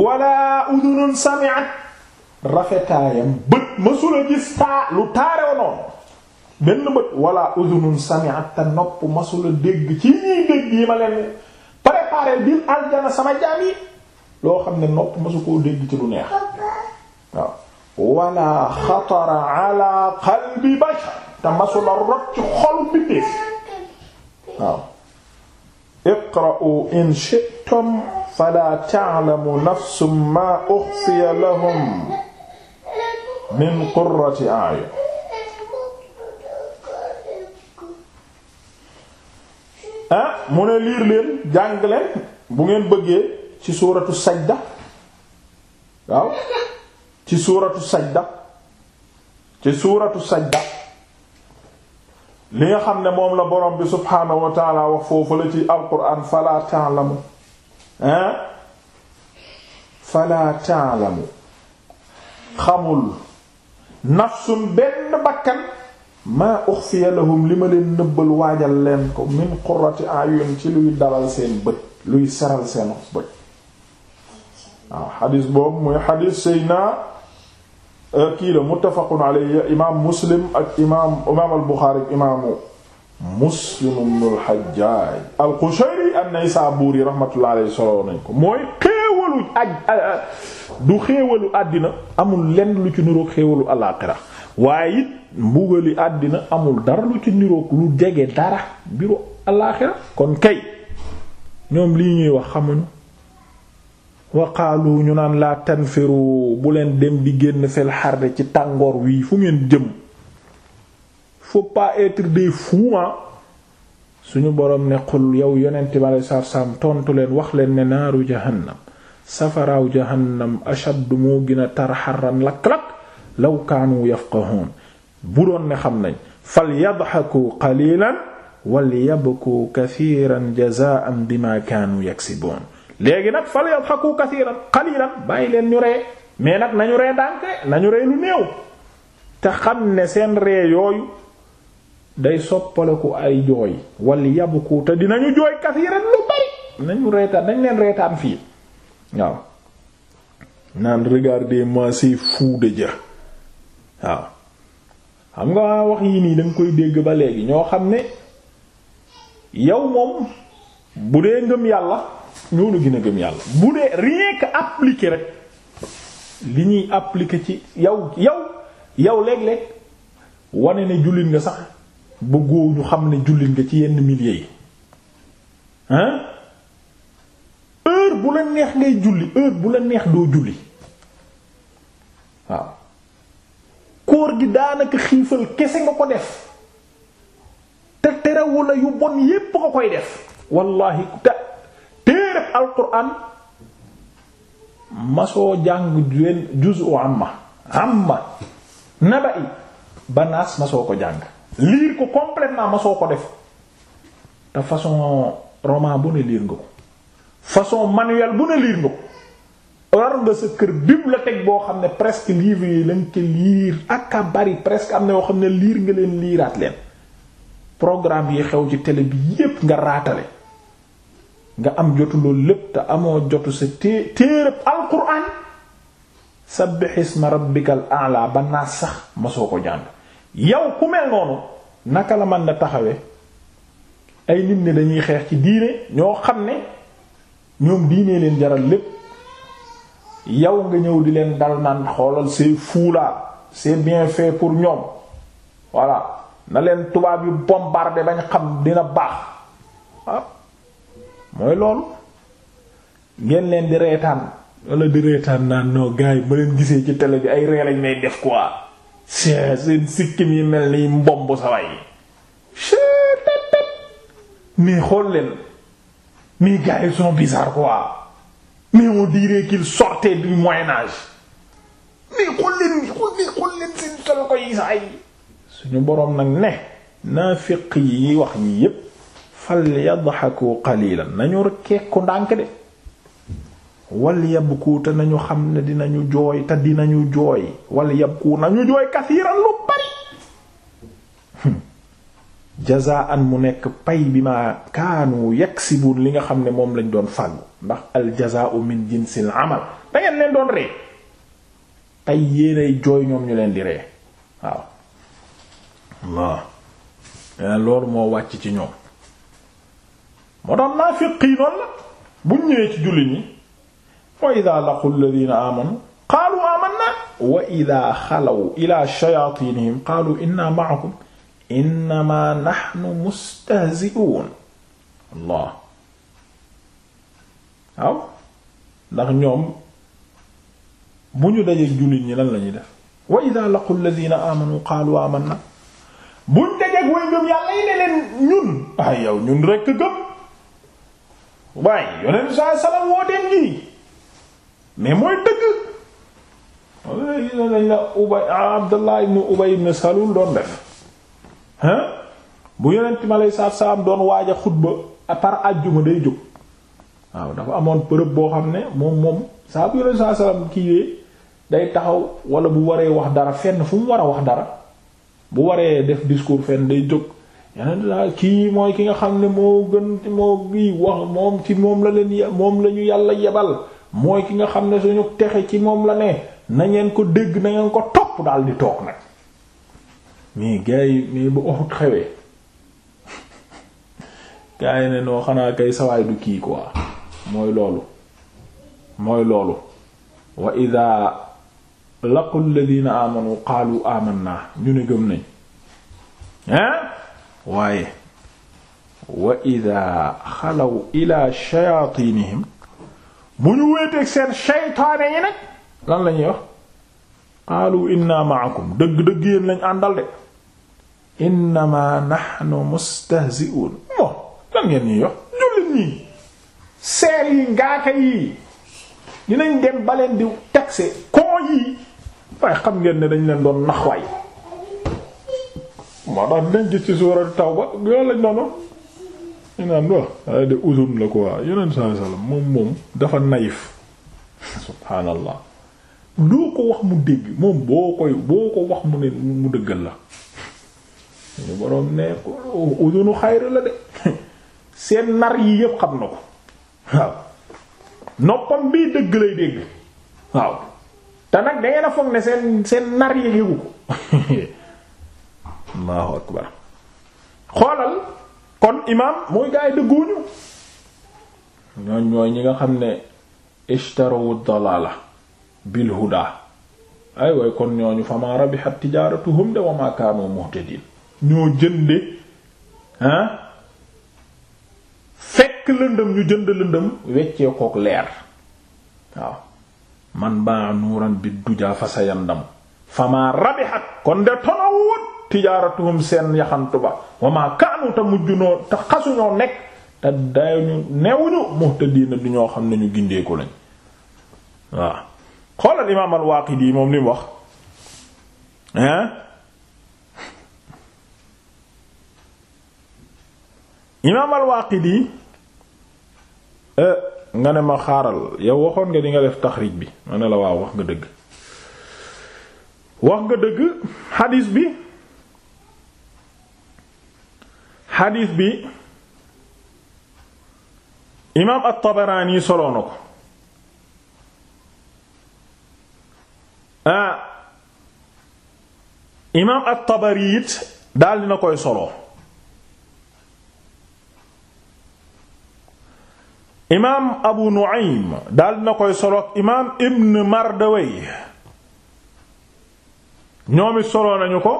wala udunun sami'at rafetaayam bët mësula gis taa lu taaroo noonu benn bët wala udunun sami'at te nopp mësula dégg ci ñuy dégg yi ma leen préparé biir aljana sama jaam yi loo xam ne nopp mësu koo dégg ci lu neex waaw wala xatara ala qalbi bashar te masula rot ci xol bi def waaw iqra'u in shi'tum fala ta'lamu nafsun ma ukhfiya lahum min qurrati a'yun ah mu ne liir leen jàng leen bu ngeen bëggee ci suuratu sajda waaw ci suuratu sajda ci suuratu sajda li nga xam ne moom la borom bi subhaanahu wa taala wax foofu la ci alquran fala ta'lamu hein fala ta'lamu xamul nafsun benn bakkan maa uxfiya lahum li ma leen nëbbal waajal leen ko min qurrati ayun ci luy dalal seen bët luy seral seen bët waaw xadiis boobu muy xadiis sëy naa Euh, kii la muttafaqun alayhi imaam muslim ak imaam imaam al buxaari ak imaamu muslim ibn al hajjaaj al qushayri an-naysaburi rahmatullahi alayhi nañ ko mooy xéewalu aj du xéewalu àddina amul lenn lu ci niroog xéewalu alaaxira waaye it mbugali àddina amul dara lu ci niroog lu jege dara biru alaaxira kon kay ñoom lii ñuy wax xamuñu waqaalu ñu naan laa tanfiru bu leen dem di génn fil xarde ci tàngoor wii fu ngeen boroom ne yow yonent bi tontu leen wax leen ne naaru jahannam safaraaw jahannam ashaddu moo gën a tar xarran lakk-lakk law kaanu yafqahuun bu doon ne xam nañ fal yadxaku qalilan wal yabku kathiran jazaan bima kaanu yaksiboon léegi nag fal yadhaku kasiiran qaliilan bàyyi leen ñu ree mais nag nañu ree dànk nañu ree lu néew te xam ne seen ree yooyu day soppaleku ay jooy wal yabku te dinañu jooy kasiiran lu bari nañu reetaan nañ leen reetaan fii waaw naan regardez-moi ces fous de Dieu waaw xam nga wax yii nii dañ koy dégg ba léegi ñoo xam ne yow moom bu dee ngëm yàlla ñoo la gën a gëm yàlla bu dee rien que appliquer rek li ñuy appliquer ci yow yow yow léeg-léeg wane ne jullit nga sax bëggoo ñu xam ne jullit nga ci yenn milliers yi heure bu la neex ngay julli heure bu la neex doo julli waaw koor gi daanaka xiifal kese nga ko def te terewula yu bon yépp nga koy def wallahi ta téereb alquran masoo jàng juwen juzu amma amma naba'i banaas masoo ko jàng liir ko complètement masoo ko def te façon roman bu ne liir nga ko façon manuel bu ne liir nga ko war nga sa kër teg boo xam ne presque livre yi lañ ko liir ak a bari presque am na yoo xam ne liir nga leen liiraat leen programme yi xew ci télé bi yépp nga raatale nga am jotu lépp te amoo jotu sa té téereb sa sabbih isma rabbikal a'la ba naa sax masoo ko jàng yow ku mel noonu naka la mën na taxawe ay nit ne dañuy xeex ci diine ñoo xam ne ñoom diine leen jaral lépp yow nga ñëw di leen dal naan xoolal c'est fou là bien fait pour ñoom voilà na leen tubaab yu bombardé bañ xam dina baax ah. mooy lool ngeen leen di reetaan wala di reetaan naan non gars yi leen gisee ci télé bi ay ree may def quoi seen sikkim yi mel ni mbomb sa way mais xool leen mais gars yi sont bizarres quoi mais on ay suñu boroom nag ne naafiq yi wax ñi yépp falyadhaku qalilan nañu kekku ndànk de wal yabku te nañu xam ne dinañu jooy te dinañu jooy wal yabku nañu jooy kasiiran lu bari hmm. jazaan mu nekk pay bi ma kaanu yaksibun li nga xam ne moom lañ doon fàggu ndax al jazaa'u min jinsil amal da leen doon ree tey yéenay jooy ñoom ñu leen di ree waaw waaw loolu moo wàcc ci ñoom moo tax naafiq yi noonu la buñ ñëwee ci jullit ñi wa ida laqu alladina amanu wa ida xalaw ila shayatinihim qaalu inna ma'akum innama nahnu mustahzi'un allah waaw ndax ñoom bu ñu dajeeg jullit ñi la ñuy def wa ida laqu alladina amanu qaalu amanna buñ dajeeg way gëm yàlla yi ne leen waaye yonent saa salaam wooteem gi mais mooy dëgg nañ la ubay abdullah ibn ubay ibn salul doon def hein bu yonent mi aleyhi salaatu salaam doon waaj a xutba par àjjuma day jóg waaw dafa amoon bërëb boo xam ne moom moom saa bu yonent saa kii kiiwee day taxaw wala bu waree wax dara fenn fu mu war a wax dara bu waree def discours fenn day jóg yeneen kii mooy ki nga xam ne moo gën moo bii wax moom ci moom la leen moom lañu yàlla yebal mooy ki nga xam ne suñu texe ci moom la ne na ngeen ko dégg nangeen ko topp daal di toog nag mais gars yi mais bu oxut xewee gars ne noo xanaa kay sawaay du kii quoi mooy loolu mooy loolu wa ida laqu alladina amanu qaalu amanna ñu ne gëm nañ hein waaye wa ida xalaw ila shayatinihim bu ñu wéeteeg seen shaytaane yi nag lan la ñuy wax qaalu inna maakum dëgg-dëgg yéen lañ àndal de innama nahnu mustahzi'un bon lan ngeen ñuy wax jullit ñii seer yi ngaaka yi dinañ dem baleen di taxe koo yi waaye xam ngeen ne dañ leen doon nax waay moo tax dinañ gis ci taw Tawba yooyu lañ noonu ñu naan waaw waaye de uzun la quoi yeneen saa salaam moom moom dafa naïf subhaanallah loo ko wax mu dégg moom boo koy boo ko wax mu ne mu dëggal la ñu boroom ne uzunu xayri la de seen nar yi yëpp xam na ko waaw noppam bii dëgg lay dégg waaw te nag dangeen a foog ne seen seen nar yi yégu ko allahu akbar xoolal kon imaam muy gaay dëgguñu ñooñ ñooy ñi nga xam ne ishtaru dalala bil huda ay way kon ñooñu fama rabihat tijaratuhum de wa ma ñoo jënde ah, fekk lëndëm ñu jënd lëndëm weccee kook leer waaw man baa nuuran bi duja fa sayandam fama rabihat kon de tonawut tijaaratuhum seen yaxant ba wa maa kaanu te mujj noo te xasuñoo nekk te dayuñu newuñu muhtadiina du ñoo xam ne ñu gindeeku lañ waaw xoolal imaam al-Waaqidi moom li wax hein imaam al-Waaqidi euh, nga ne ma xaaral yow waxoon nga di nga def taxrij bi ma ne la waaw wax nga dëgg wax nga dëgg xadiis bi xadiis bi imaam at-Tabaraani soloo na ko ah imaam at-Tabari it daal koy soloo imaam Abu Nu'aym daal dina koy soloo imaam Ibn Mardawey ñoom soloo nañu ko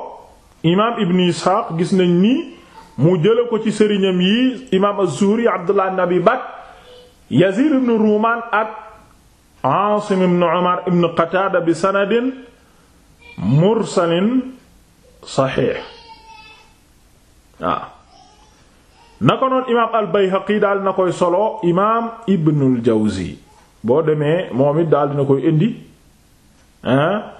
imaam Ibn Isxaaq gis nañ ni. mu jële ko ci sëriñam yi imaam az-Zuhri Abdullah ibn Abi Bakr Yazid ibn Ruman ak Asim ibn Umar ibn Qatada bi sanadin mursalin saxiix waaw naka noonu imaam al-Bayhaqi daal na koy solo imaam Ibnul Jawzi boo demee moom it daal dina koy indi ah.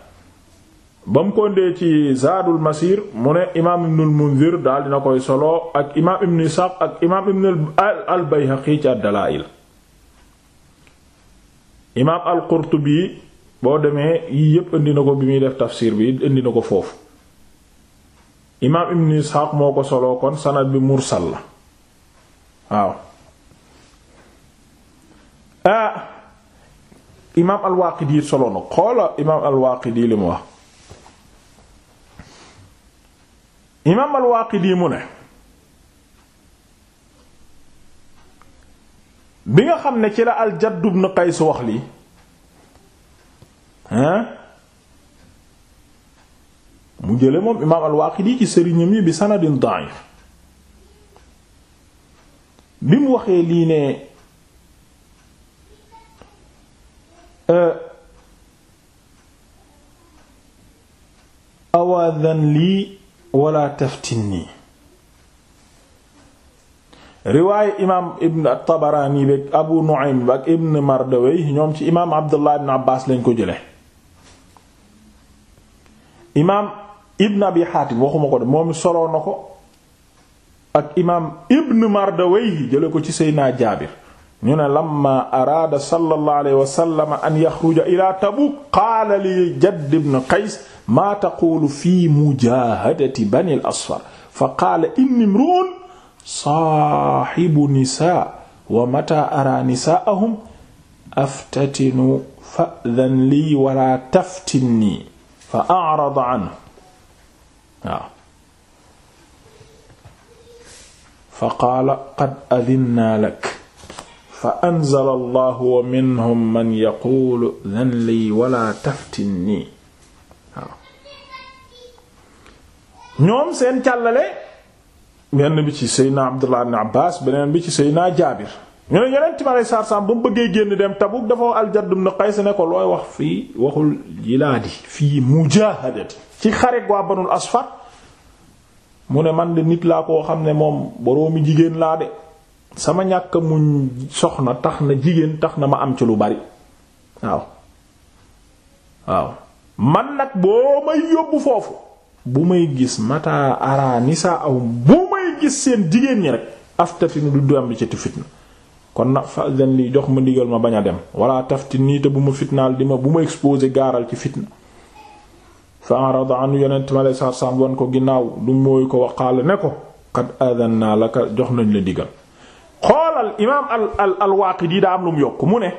ba mu ko ndee ci zaadul masir mu ne imaam ibnul mundir daal dina koy solo ak imaam ibnu isxaaq ak imaam ibnu al bayhaqi ci ad imaam al qurtubi boo demee yii yépp indi na ko bi muy def tafsir bi indi na ko foofu imaam ibnu isxaaq moo ko solo kon sanad bi mursal la waaw ah imaam al waaqidi solo na xoola imaam al waaqidi li wax imaam al-Waaqidi mu ne bi nga xam ne ci la al-Jadd ibn Qays wax lii hein mu jële moom imaam al-Waaqidi ci sëriñam yi bi sanadin da'if bi mu waxee lii ne euh, awadan lii wala taftinni riwaaye imaam ibn at-Tabarani beeg Abu Nu'aym bi ak ibn Mardawey ñoom ci imaam Abdullah ibn Abbas lañ ko jële imaam ibn Abi Hatim waxuma ko de moom soloo ko ak imaam ibn Mardawey jële ko ci Seydina Jaabir ñu ne lamma araada sallallahu alayhi an yaxruja ila Tabuk qaala Jadd ibn Qays maa taqulu fi mujahadati bani al asfar fa qaala inni imru'un saaxibu nisa wa mata ara nisaahum aftatinu fa'dhan lii wala taftinnii fa a'rada anhu waaw fa qaala qad adhinnaa lak fa anzala allahu wa minhum man yaquulu dhan lii wala taftinnii ñoom seen càllale benn bi ci Seydina Abdullah ibn Abbas beneen bi ci Seydina Jaabir ñu ne yonent bi aleyhi salaatu salaam bëggee génn dem Tabuk dafa Al-Jadd ibn ko looy wax fii waxul jilaadi fii mujaahadati ci xare waa Banul Asfar mu ne man de nit laa koo xam ne moom boroomi jigéen laa de sama ñàkk muñ soxna tax na jigéen tax na ma am ci lu bari waaw waaw man nag boo may yóbbu foofu bu may gis mata ara nisa aw bu may gis seen jigéen ñi rek aftatin du dam bi ci fitna kon nag fa den li jox ma ndigal ma bañ a dem wala tafti nii te bu ma fitnaal di ma bu ma exposé gaaral ci fitna fa arada anu yonent ma ko ginnaaw du mooy ko waxaale jox nañ la ndigal xoolal imaam al al al-Waaqidi daa am lu yokk mu ne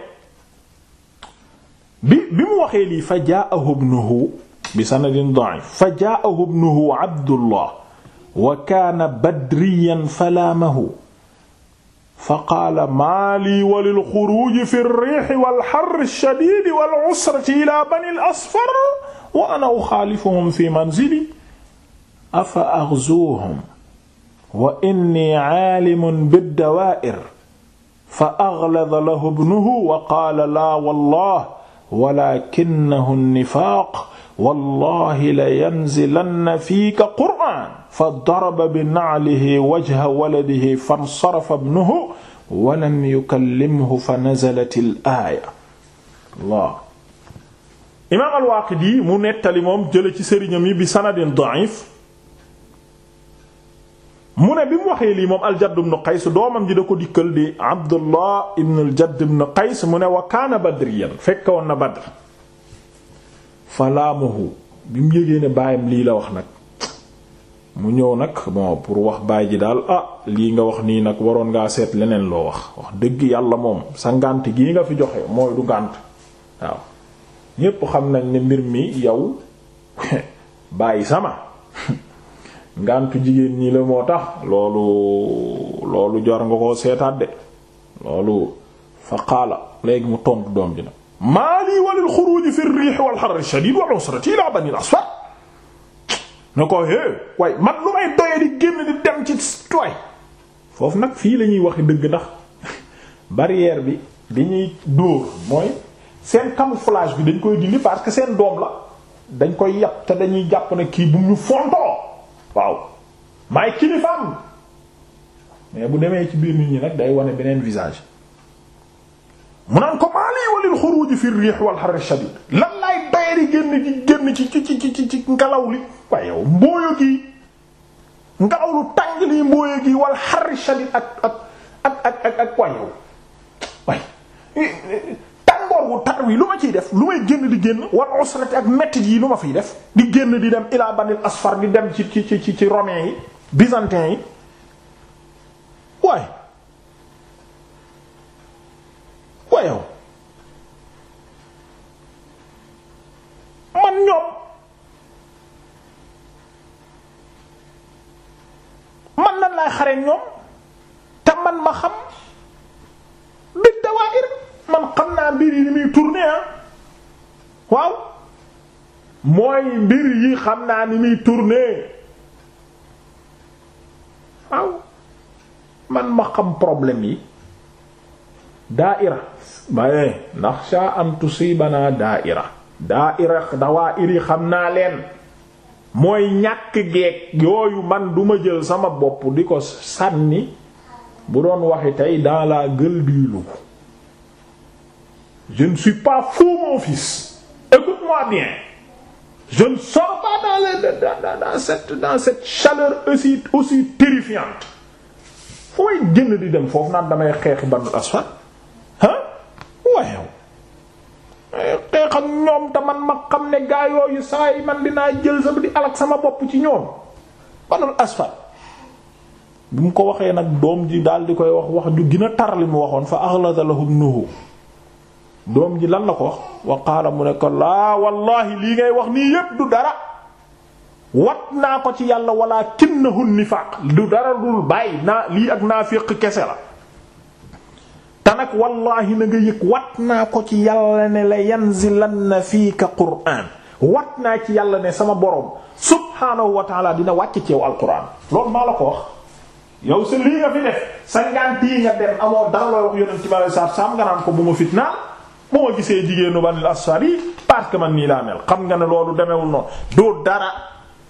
bi bi mu waxee lii fa jaa'a ibnuhu bi sanadin da'if fa ja'ahu ibnuhu abdullah wa kaana badriyan falaamahu fa qaala maa lii wa lil xuruuji fi rriixi wal harri shadiidi wal usrati ilaa banil asfar wa ana uxaalifuhum fi manzili afa axzuuhum wa inni caalimun biddawaa'ir fa axlada lahu ibnuhu wa qaala laa wallaahi walaakinnahu nnifaaq wallahi la yanzilanna fiika qur'aan fa daraba bi na'lihi wajha waladihi fansarafa ibnuhu wa lam yukallimhu fa nazalatil aaya Allah imaam al-Waaqidi mu nettali moom jële ci sëriñam yi bi sanadin da'if mu ne bi mu waxee lii moom al-Jadd ibn Qays doomam ji da ko dikkal di Abdullah ibn al-Jadd ibn Qays mu ne wa kaana badriyan fekkoon na Badr falaamuhu bi mu yégee ne baayam lii la wax nag mu ñëw nag bon pour wax baay ji daal ah lii nga wax nii nag waroon ngaa seet leneen loo wax wax dëgg yàlla moom sa ngànt gii nga fi joxe mooy du ngànt waaw ñépp xam nañ ni mbir mi yow bàyyi sama ngàntu jigéen nii la moo tax loolu loolu jar nga koo seetaat de loolu fa qaala léegi mu tontu doom ji nag maa lii walil xuruuj fi riix wal xar shadiid wal usrati ila banil asfar na ko hee waaye man lu may doyee di génn di dem ci tooy foofu nag fii lañuy waxi dëgg ndax barrière bi li ñuy dóor mooy seen camouflage bi dañ koy dindi parce que seen doom la dañ koy yàpp te dañuy jàpp ne kii bu ñu fontoo waaw maay kilifaam mais bu demee ci biir nit ñi nag day wane beneen visage mu naan ko maa lii walil wal xar lan laay génn ci ci ci ci ci ci ngelaw li waaye yow mbooyo gi ngelaw lu tàng lii mbooyo gi wal xar eh, eh, lu ma ciy def lu may génn di génn war usrati ak mettit yi lu ma fiy def di génn di dem ilaa banil asfar di dem ci ci ci ci romain yi byzantin yi wayow man ñoom man nan laay xare ñoom te man ma xam bi dawaayir man xam naa mbir yi ni muy tourner ah waaw mooy mbir yi xam naa ni muy tourner waaw man ma xam problème yi daaira baye naxsha an tusibana daaira daaira dawairi xam naa leen mooy ñàkk geeg yooyu man duma jël sama bopp di ko sànni bu doon waxi tey dans la gueule du loup je ne suis pas fou mon fils écoute-moi bien je ne pas dans les dans, dans, dans cette dans chaleur aussi aussi terrifiante di dem foofu naan damay xeexi Banul Asfar waaw eh, xeex ak ñoom te man ma xam ne gaayoo yu saa yi man dinaa jël sama di alak sama bopp ci ñoom banul asfal bi mu ko waxee nag doom ji daal di koy wax wax ju gën a mu waxoon fa aghlata lahum nuhu doom ji lan la ko wax wa mu ne ko laa wallahi lii ngay wax nii yépp du dara wat naa ko ci yàlla wala kinnahu nifaaq du dara dul bàyyi naa lii ak naafiq kese la nag wallaahi na nga yëg wat naa ko ci yàlla ne la yanzilanna ka qur'aan wat naa ci yàlla ne sama borom subhaanahu wa taala dina wàcc ci yow alqur'aan loolu maa la ko wax yow sa lii nga fi def sa ngànt yi nga dem amoo dara looy wax yonent bi alayhi salaatu salaam nga naan ko bu ma fitnaa bu ma gisee jigéenu Bani al yi parce que man nii laa mel xam nga ne loolu demewul noonu doo dara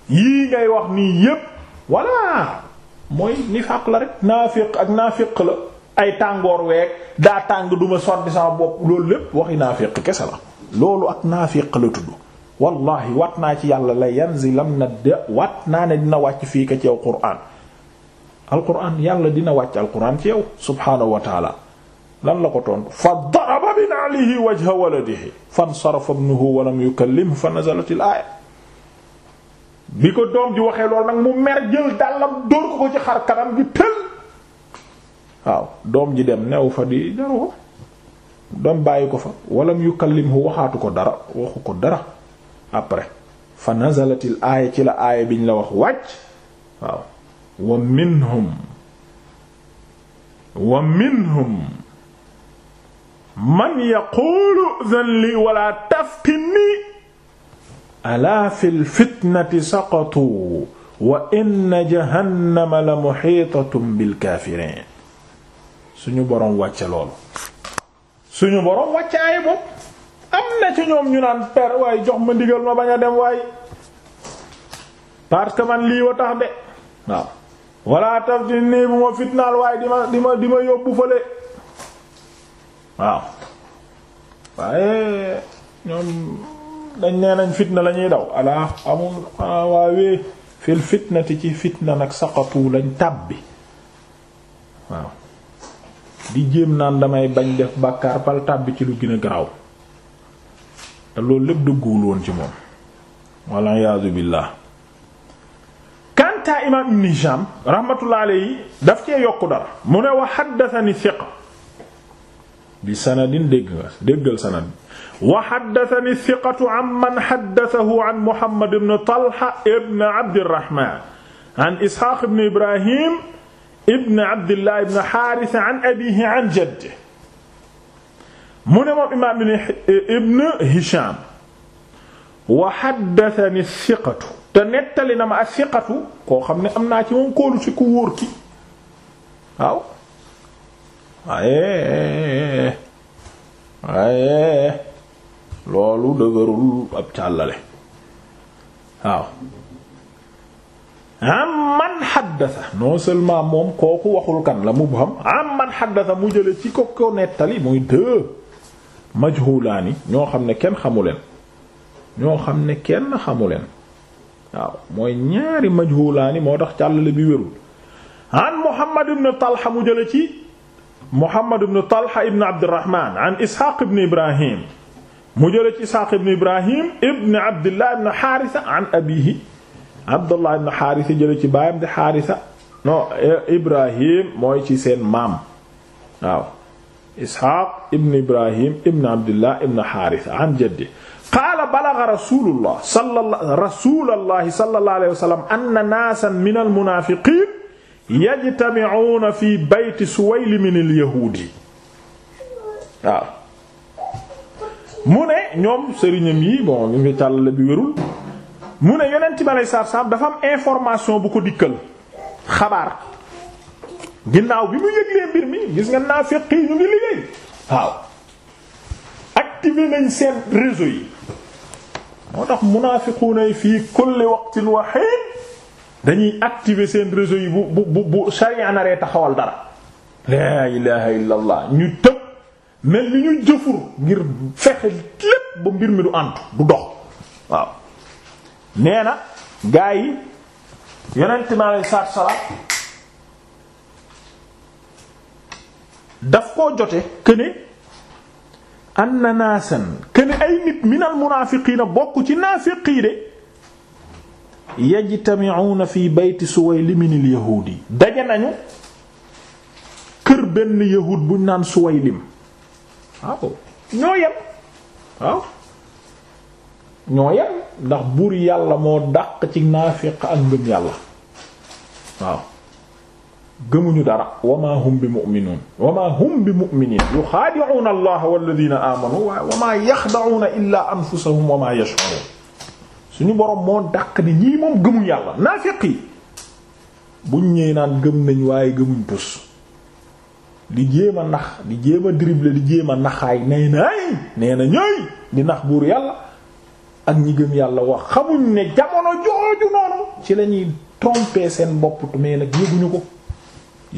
yii ngay wax nii yépp voilà mooy nifaaq la rek naafiq ak naafiq ay tàngoor weeg daa tàng du ma sotti sama bopp loolu lépp waxi naafiq kese la loolu ak naafiq la tudd wallahi wat naa ci yàlla la yanzilam na de wat naa ne dina wàcc fii ko ci yow qur'an alquran yàlla dina wàcc alquran ci yow subhaanahu wa taala lan la ko tontu fa daraba bi naalihi wajha waladihi fansarafa ibnuhu wa lam yukallimhu fa nazalat al aaya bi ko doom ji waxee loolu nag mu mer jël dàllam dóor ko ko ci xar kanam gi tël waaw doom ji dem new fa di jaru ko doom bàyyi ko fa walam yukallimhu waxaatu ko dara waxu ko dara après fa nazalatil aaya ci la aaya biñ la wax wàcc waaw wa minhum wa minhum man yaqulu li wala taftinni ala fil fitnati saqatu wa inna jahannama la muhitatun bil kafirin suñu boroom wàcce loolu suñu boroom wàcce ay bopp am na ci ñoom ñu naan per waaye jox ma ndigal ma bañ a dem waaye parce que man lii wa tax de waaw walla taf ci nii bu ma fitnaal waaye ñoom dañ nee nañ fitna la ñuy daw ala amul waawee fil fitnati ci fitna nag saqatu lañ tàbbi waaw di jéem naan damay bañ def bàkkaar bal tàbbi ci lu gën garaaw te loolu lépp dëgguwul woon ci moom walla iyaazu billaah kanta imaam ibn Hisham rahmatullah alayhi daf cee yokku dara mu ne wa haddathani thiqa bi sanadin dégg nga déggal sanad wa haddathani thiqatu amman haddathahu an Muhammad ibn Talha ibn Abdirrahman an Ishaq ibn Ibrahim ibn abdillah ibn xaarisa an abiihi an jaddihi mu ne moom imaam ibn hisham wa xaddatani siqatu te nettali na ma asiqatu koo xam ne am naa ci moom kóolu ci ku wóor ki waaw waaye waaye loolu dëgërul ab càllale waaw am man xaddasa non seulement moom kooku waxul kan la mubham am man xaddasa mu jële ci ko ko nettali muy dë majhulaani ñoo xam ne kenn xamuleen ñoo xam ne kenn xamuleen waaw mooy ñaari majhulaani moo tax càllale bi wérul an Muhammad ibn Talha mu jële ci Muhammad ibn Talha ibn Abdurrahman an Ishaq ibn Ibrahim mu jële ci Ishaq ibn Ibrahim ibn Abdullah ibn Haarisa an abiihi Abdullah ibn Haarisa jële ci baayam di Haarisa non e, Ibrahim mooy ci seen maam waaw Isxaaq ibn Ibrahim ibn Abdullah ibn Haarisa an jaddi qaala balagha rasuulullah sallallahu rasuulullahi sallallahu alayhi wa sallam anna naasan minal munaafiqiin yajtami'uuna fii bayti Suwaylim al yahuudi waaw mu ne ñoom sëriñam yi bon ñu ngi tàllale bi wérul mu ne yonent bi aleyhi salaatu salaam dafa am information bu ko dikkal xabaar ginnaaw bi mu yëglee mbir mi gis nga naafeq yi ñu ngi liggéey waaw activé nañ seen réseau yi moo tax munaafiquuna yi fii kulli waqtin wa hiin dañuy active seen réseau yi bu bu bu bu sharia taxawal dara laa ilaha illa ñu tëb mel ni ñu jëfur ngir fexe lépp ba mbir mi du àntu du dox waaw nee na gaa yi yonent mi aleyhi salaatu salaam daf koo jote këne anna këne ay nit minal munaafiqiina bokk ci naafiqii de yajtami'uuna fi bayti suwayliminil yahuudi daje nañu kër benn yahuud buñ naan suwaylim waaw ñoo yem waaw ñoo yem ndax buur yàlla moo dàq ci naafiq ak ngëm yàlla waaw gëmuñu dara wama hum bi mu'minuun wama hum bi mu'miniin yuxaadi'uuna allaha walladina amanu waaye wama yaxda'uuna illaa anfusahum wama yash'uruun suñu boroom moo dàq ni ñii moom gëmuñ yàlla naafiq yi buñ ñëwee naan gëm nañ waaye gëmuñ tus di jéem a nax di jéem a dribble di jéem a naxaay nee na ay nee na ñëy di nax buur yàlla ak ñi gëm yàlla wax xamuñ ne jamono jooju noonu ci la ñuy seen bopp mais nag yëguñu ko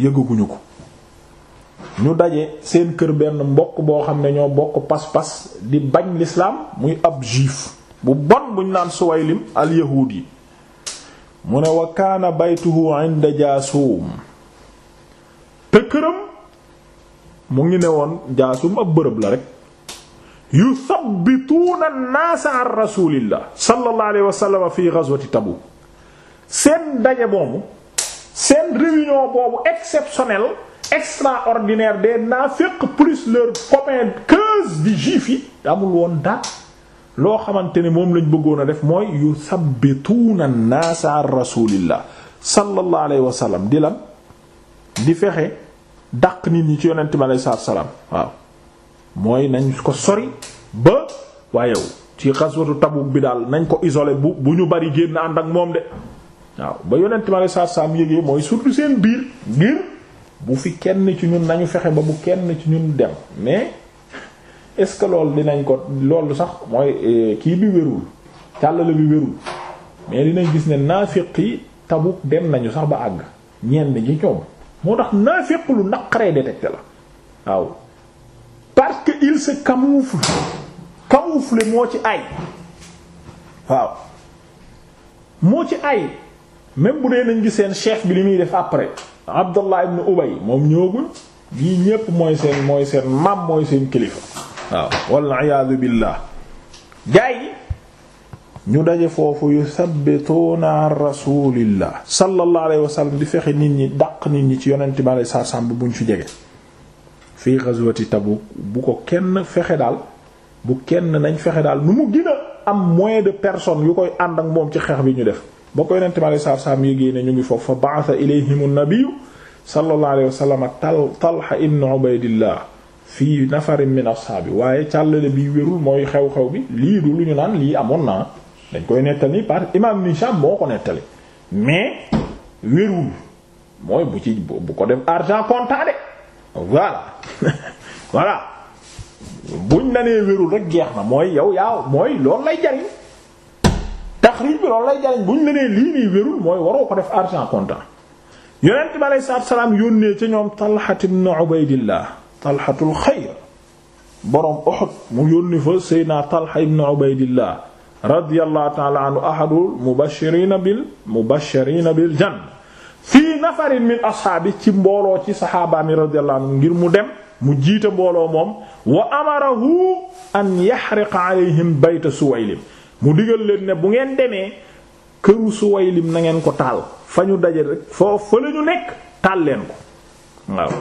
yëgaguñu ko ñu daje seen kër benn mbokk boo xam ne ñoo bokk pas-pas di bañ lislaam muy ab juif bu bon buñ naan suwaylim al yahud yi mu ne wa kaana baytuhu inda jaasum te këram mu ngi ne woon jaasum ab bërëb la rek yu an-naasa an rasulillah sallallahu alayhi wa sallam fi ghazwati Tabuk seen daje boobu seen réunion boobu exceptionnelle extraordinaire des naafiq plus leur copain quinze di juif yi amul woon daal loo xamante ne moom lañ bëggoon a def mooy yu an-naasa an rasulillah sallallahu alayhi di lan di fexe daq nit ñi ci yonent bi alayhi salaam waaw mooy nañ ko sori ba waaye ci xaswatu Tabuk bi daal nañ ko isolé bu bu ñu bari génn ànd ak moom de waaw ba yonent ma saa saam yëgee mooy surtout seen biir biir bu fi kenn ci ñun nañu fexe ba bu kenn ci ñun dem mais est-ce que loolu dinañ ko loolu sax mooy eh, kii bi wérul càllale bi wérul mais dinañ gis ne naafiq yi Tabuk dem nañu sax ba àgg ñenn ñi ñoom moo tax naafiq lu naqaree détecté la waaw parce que il se camoufle camoufle moo ci ay waaw moo ci ay même bu dee nañ gis seen chef bi li muy def après Abdallah ibn Ubay moom ñëwagul ñii ñépp mooy seen mooy seen maam mooy seen kilifa waaw wal iyaadu billah gaa yi ñu daje foofu yusabbituuna an rasulillah sallallahu alayhi wa sallam di fexe nit ñi dàq nit ñi ci yonente bi alayhi salaam bu ñu fi jege fii ghazwati Tabuk bu ko kenn fexe daal bu kenn nañ fexe daal nu mu gën am moyen de personne yu koy ànd ak moom ci xeex bi ñu def ba koy nente mi alei satu salaam yégée ne ñu ngi foofu fa ba'atha ilayhim an-nabiy sallallahu alayhi wa sallam tal Talha ibn Ubaydillah fii nafarin min ashaabi waaye càllale bi wérul mooy xew-xew bi lii du lu ñu naan lii amoon naa dañ koy nettali parce que imam Ibn Hisham moo ko nettali mais wérul mooy bu ci bu ko def argent comptant de voilà voilà buñ la nee wérul rek jeex na mooy yow yaa mooy loolu lay jariñ taxriij bi loolu lay jariñ buñ la nee lii wérul mooy waroo ko def argent comptant yonent bi aleyhi salaatu salaam yónnee ñoom Talhat ibn Ubaydillah Talhatul xayr boroom mu yónni fa Seydina Talha anhu ahadul mubashirina bil mubashirina bil janna fii nafarin min ashaabi ci mbooloo ci saxaabaami radiyallahu ngir mu dem mu jiite mbooloo moom wa amarahu an yaxriqa alayhim bayta suwaylim mu digal leen ne bu ngeen demee këru suwaylim na ko taal fa ñu daje rek foofu fa nekk taal leen ko waaw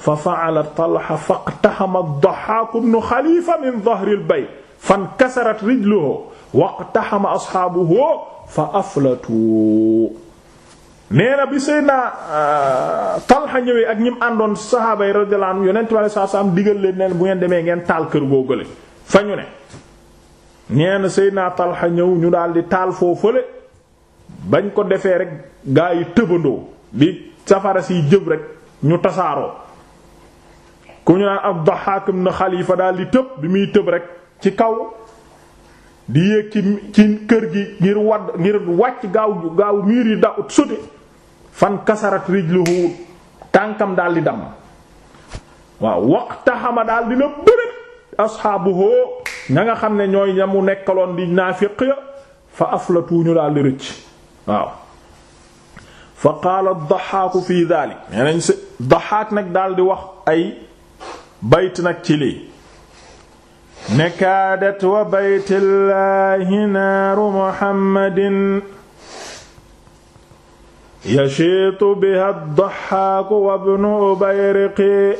fa fa'ala talha faqtahama ad-Dahhaak ibn Khalifa min dhahri al-bayt fankasarat rijluhu waqtahama ashaabuhu fa aflatu nee na bi Seydina euh, Talha ñëwee ak ñi àndoon saxaaba yi radiyallahu anhum yonent bi sallallahu alayhi digal leen neen bu ngeen demee ngeen taal kër googale fa ñu ne nee na Seydina Talha ñëw ñu daal di taal foofale bañ ko defee rek gaa yi tëbandoo bi safara si jëb rek ñu tasaaroo ku ñu naan ab Dahhaak ibn Xalifa daal di tëb bi muy tëb rek ci kaw di yéeg ci ci kër gi ngir wadd ngir wàcc gaaw gaaw miir yi daw sute fan rijluhu tànkam daal di damm waaw waqtaxama daal di na bërét asxaabuhu ña nga xam ne ñooy ña nekkaloon di naafiq ya fa aflatuuñu daal di rëcc waaw fa qaala daxaaku fi daalik nee nañ si daxaak nag daal di wax ay bayt nag ci lii nekaadat wa baytillaahi naaru muhammadin yashiitu biha ad-Dahhaaku wa ibnu Ubayriqi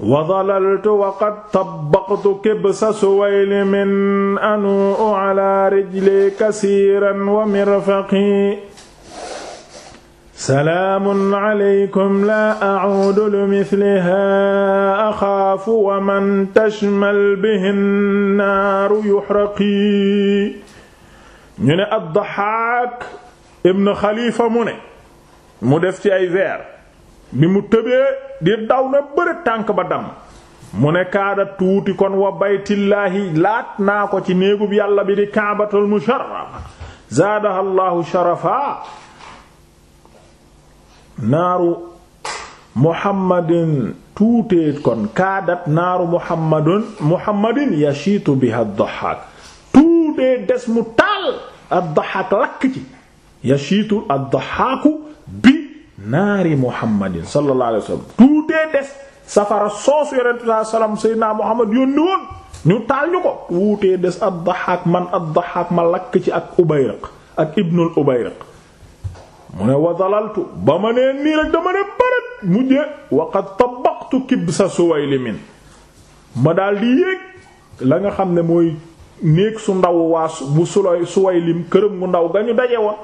wa dalaltu wa qad tabbaqtu kibsa Suwaylimin anuu'u ala rijli kasiiran wa mirfaqi salaamun alaykum laa a'uudu limithlihaa axaafu wa man tashmal bihi nnaaru yuhraqi ñu ne ad-Dahhaak ibn xalifa mu ne mu def ci ay veer bi mu tëbee di daw na bëre tànk ba dam mu ne kaada tuuti kon wa baytillaahi laat naa ko ci néegub yàlla bi di kaabatul musharrafa zaadaha llahu sharafa naaru muhammadin tuuteet kon kaadat naaru muhammadun muhammadin yashiitu biha ad-dahaak tuutee des mu taal ad-dahaak lakk ci yashiitu ad-dahhaaku bi naari muhammadin sallallahu alayhi wa sallam tuutee des safara soosu yonentu sallallahu alayhi wa muhammad yónni woon ñu taal ñu ko tuutee des ad man ad ma lakk ci ak ubayriq ak ibnul ubayriq mu ne wa ba ma nee nii rek dama ne barat mujje wa qad tabaqtu kibsa suwaylimin ma daal di yéeg la nga xam ne mooy néeg su ndaw waa bu suloy suwaylim këram gu ndaw ga ñu daje woon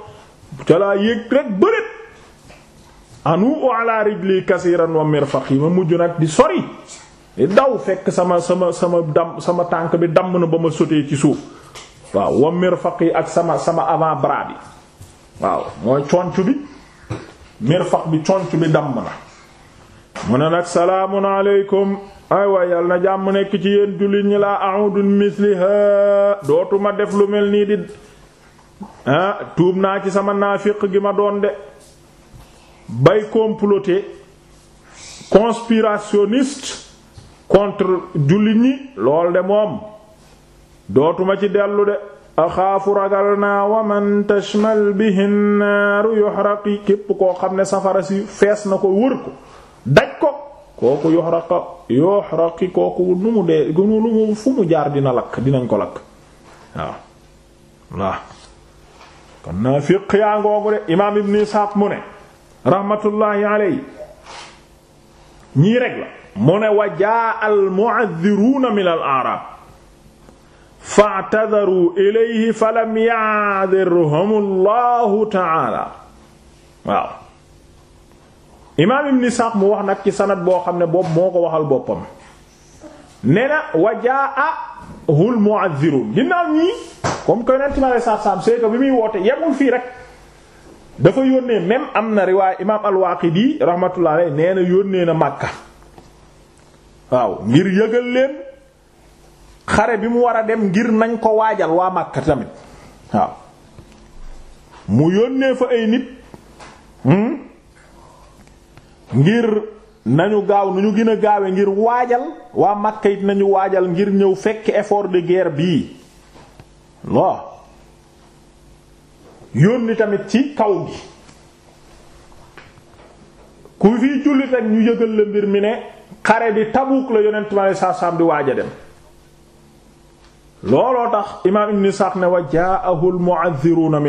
ca laa yéeg rek bërit anu u ala rijli kasiran wa mirfaqi ma mujj nag di sori di daw fekk sama sama sama dam sama tànk bi damm na ba ma sotee ci suuf waaw wa mirfaqi ak sama sama avant bras bi waaw mooy conc bi mirfaq bi conc bi damm na mu ne nag salaamun aleykum aywa yal na jàmm nekk ci yéen jullit ñi laa a'udu misliha dootuma def lu mel nii di ah tuub naa ci sama naafiq gi ma doon de bay comploter conspirationniste contre jullit ñi lool de moom dootuma ci dellu de axaafu ragal naa waman tashmal bihi naaru yuhraqi képp koo xam ne safara si fees na ko wër ko daj ko kooku yuhraqa kooku nu mu dee lu mu fu mu jaar dina lakk dinañ ko lakk waaw waaw kon naafiq yaa ngoogu de imaam ibn Isaaq mu ne rahmatullahi alayhi ñii rek mu ne wa jaa al mu'adhdhiruuna min al a'raab fa'tadharu ilayhi falam ya'dhirhum Allahu ta'ala imaam ibn Isaaq mu wax nag ci sanad boo xam ne boobu moo ko waxal boppam nee na wa jaa hul mu'adhdhiruun ginnaaw ñii comme que yonent mi aleyhi salaatu salaam bi muy woote yemul fii rek dafa yónnee même am na riwaay imaam al-Waaqidi rahmatullah alayhi nee na yónnee na Makka waaw ngir yëgal leen xare bi mu war a dem ngir nañ ko waajal waa Makka tamit waaw mu yónnee fa ay nit hmm, ngir nañu gaaw nu ñu gën a gaawe ngir waajal waa Makka it nañu waajal ngir ñëw fekk effort de guerre bii non yónni tamit ci kaw gi ku fi jullit rek ñu yëgal la mbir mi ne xare bi Tabuk la yonent ma saa di waaj a dem looloo tax imaam ibn Sa'd ne wa jaa'ahu al-mu'adhdhiruna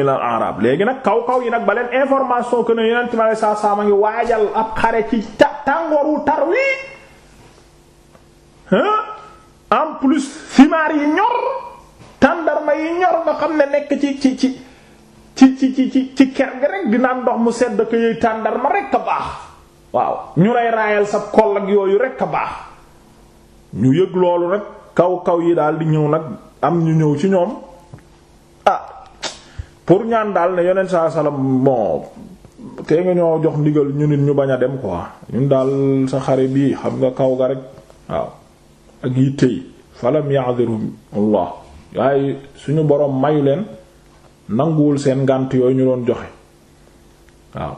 léegi nag kaw yi nag ba leen information que ne yonent saam a ngi waajal ab xare ci ta tàngooru tar wi en plus simaar yi ñor. tàndarma yi ñor nga xam ne nekk ci ci ci ci ci ci ci ci ker gi rek dinaan ndox mu sedd ko yooyu tàndarma rek a baax waaw ñu lay raayal sa koll ak yooyu rek a baax ñu yëg loolu rek kaw kaw yi daal di ñëw nag am ñu ñëw ci ñoom ah pour ñaan daal ne yonent saa salaam bon tey nga ñoo jox ndigal ñu nit ñu bañ a dem quoi ñun daal sa xare bii xam nga kaw ga rek waaw ak yi tëy falam ya'dhirhum Allah waaye suñu boroom mayu leen nanguwul seen ngànt yooyu ñu doon joxe waaw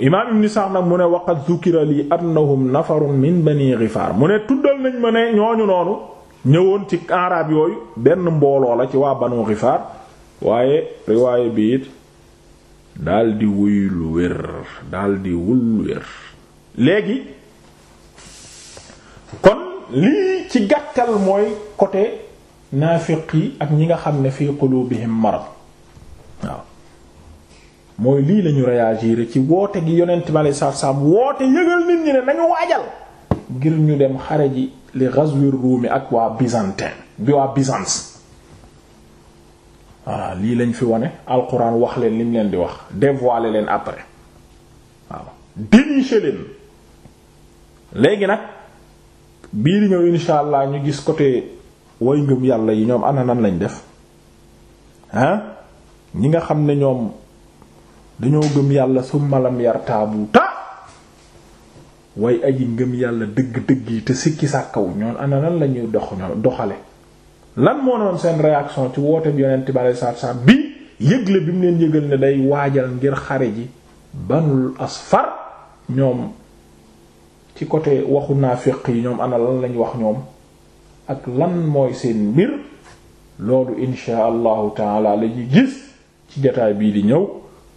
imaam ibn Sa'd nag mu ne waqad dhukira li annahum nafarun min bani Ghifaar mu ne tuddal nañ ma ne ñooñu noonu ñëwoon ci arab yooyu benn mbooloo la ci waa banu Ghifaar waaye riwaaye bi it daldi wuy lu wér daldi wul wér léegi kon lii ci gàttal mooy côté naafiq yi ak ñi nga xam ne fi qulubihim marad waaw mooy lii lañu réagir ci woote gi yonent bi aleyhi salaatu salaam woote yëgal nit ñi ne nañu waajal ngir ñu dem xare ji li ghazwir ruumi ak waa byzantin bi waa byzance voilà lii lañ fi wane alquran wax leen lim leen di wax dévoiler leen après waaw dénicher leen léegi nag bii di ñëw insha allah ñu gis côté way ngëm yàlla yi ñoom ana nan def ah ñi nga xam ne ñoom dañoo gëm yàlla summa lam yartaabu ta way aji ngëm yàlla dëgg-dëgg yi te sikki sàkkaw ñoom ana nan la ñuy dox doxale lan moo noon seen réaction ci woote bi yonent bi alei satu bi yëgle bi mu leen yëgal ne day waajal ngir xare ji banul asfar ñoom ci côté waxu naafiq yi ñoom ana lan wax ñoom ak lan mooy seen mbir loolu inshaa allahu taala la ñuy gis ci jataay bii di ñëw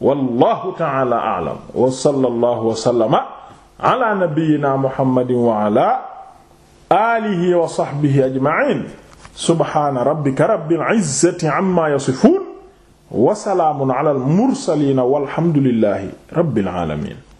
wallahu taala a'lam wa sallallahu wa sallama ala nabiyyina muhammadin wa ala alihi wa sahbihi ajma'in subhana rabbika rabbil izzati amma yasifun wa salaamun ala al mursalin walhamdulillahi rabbil alamin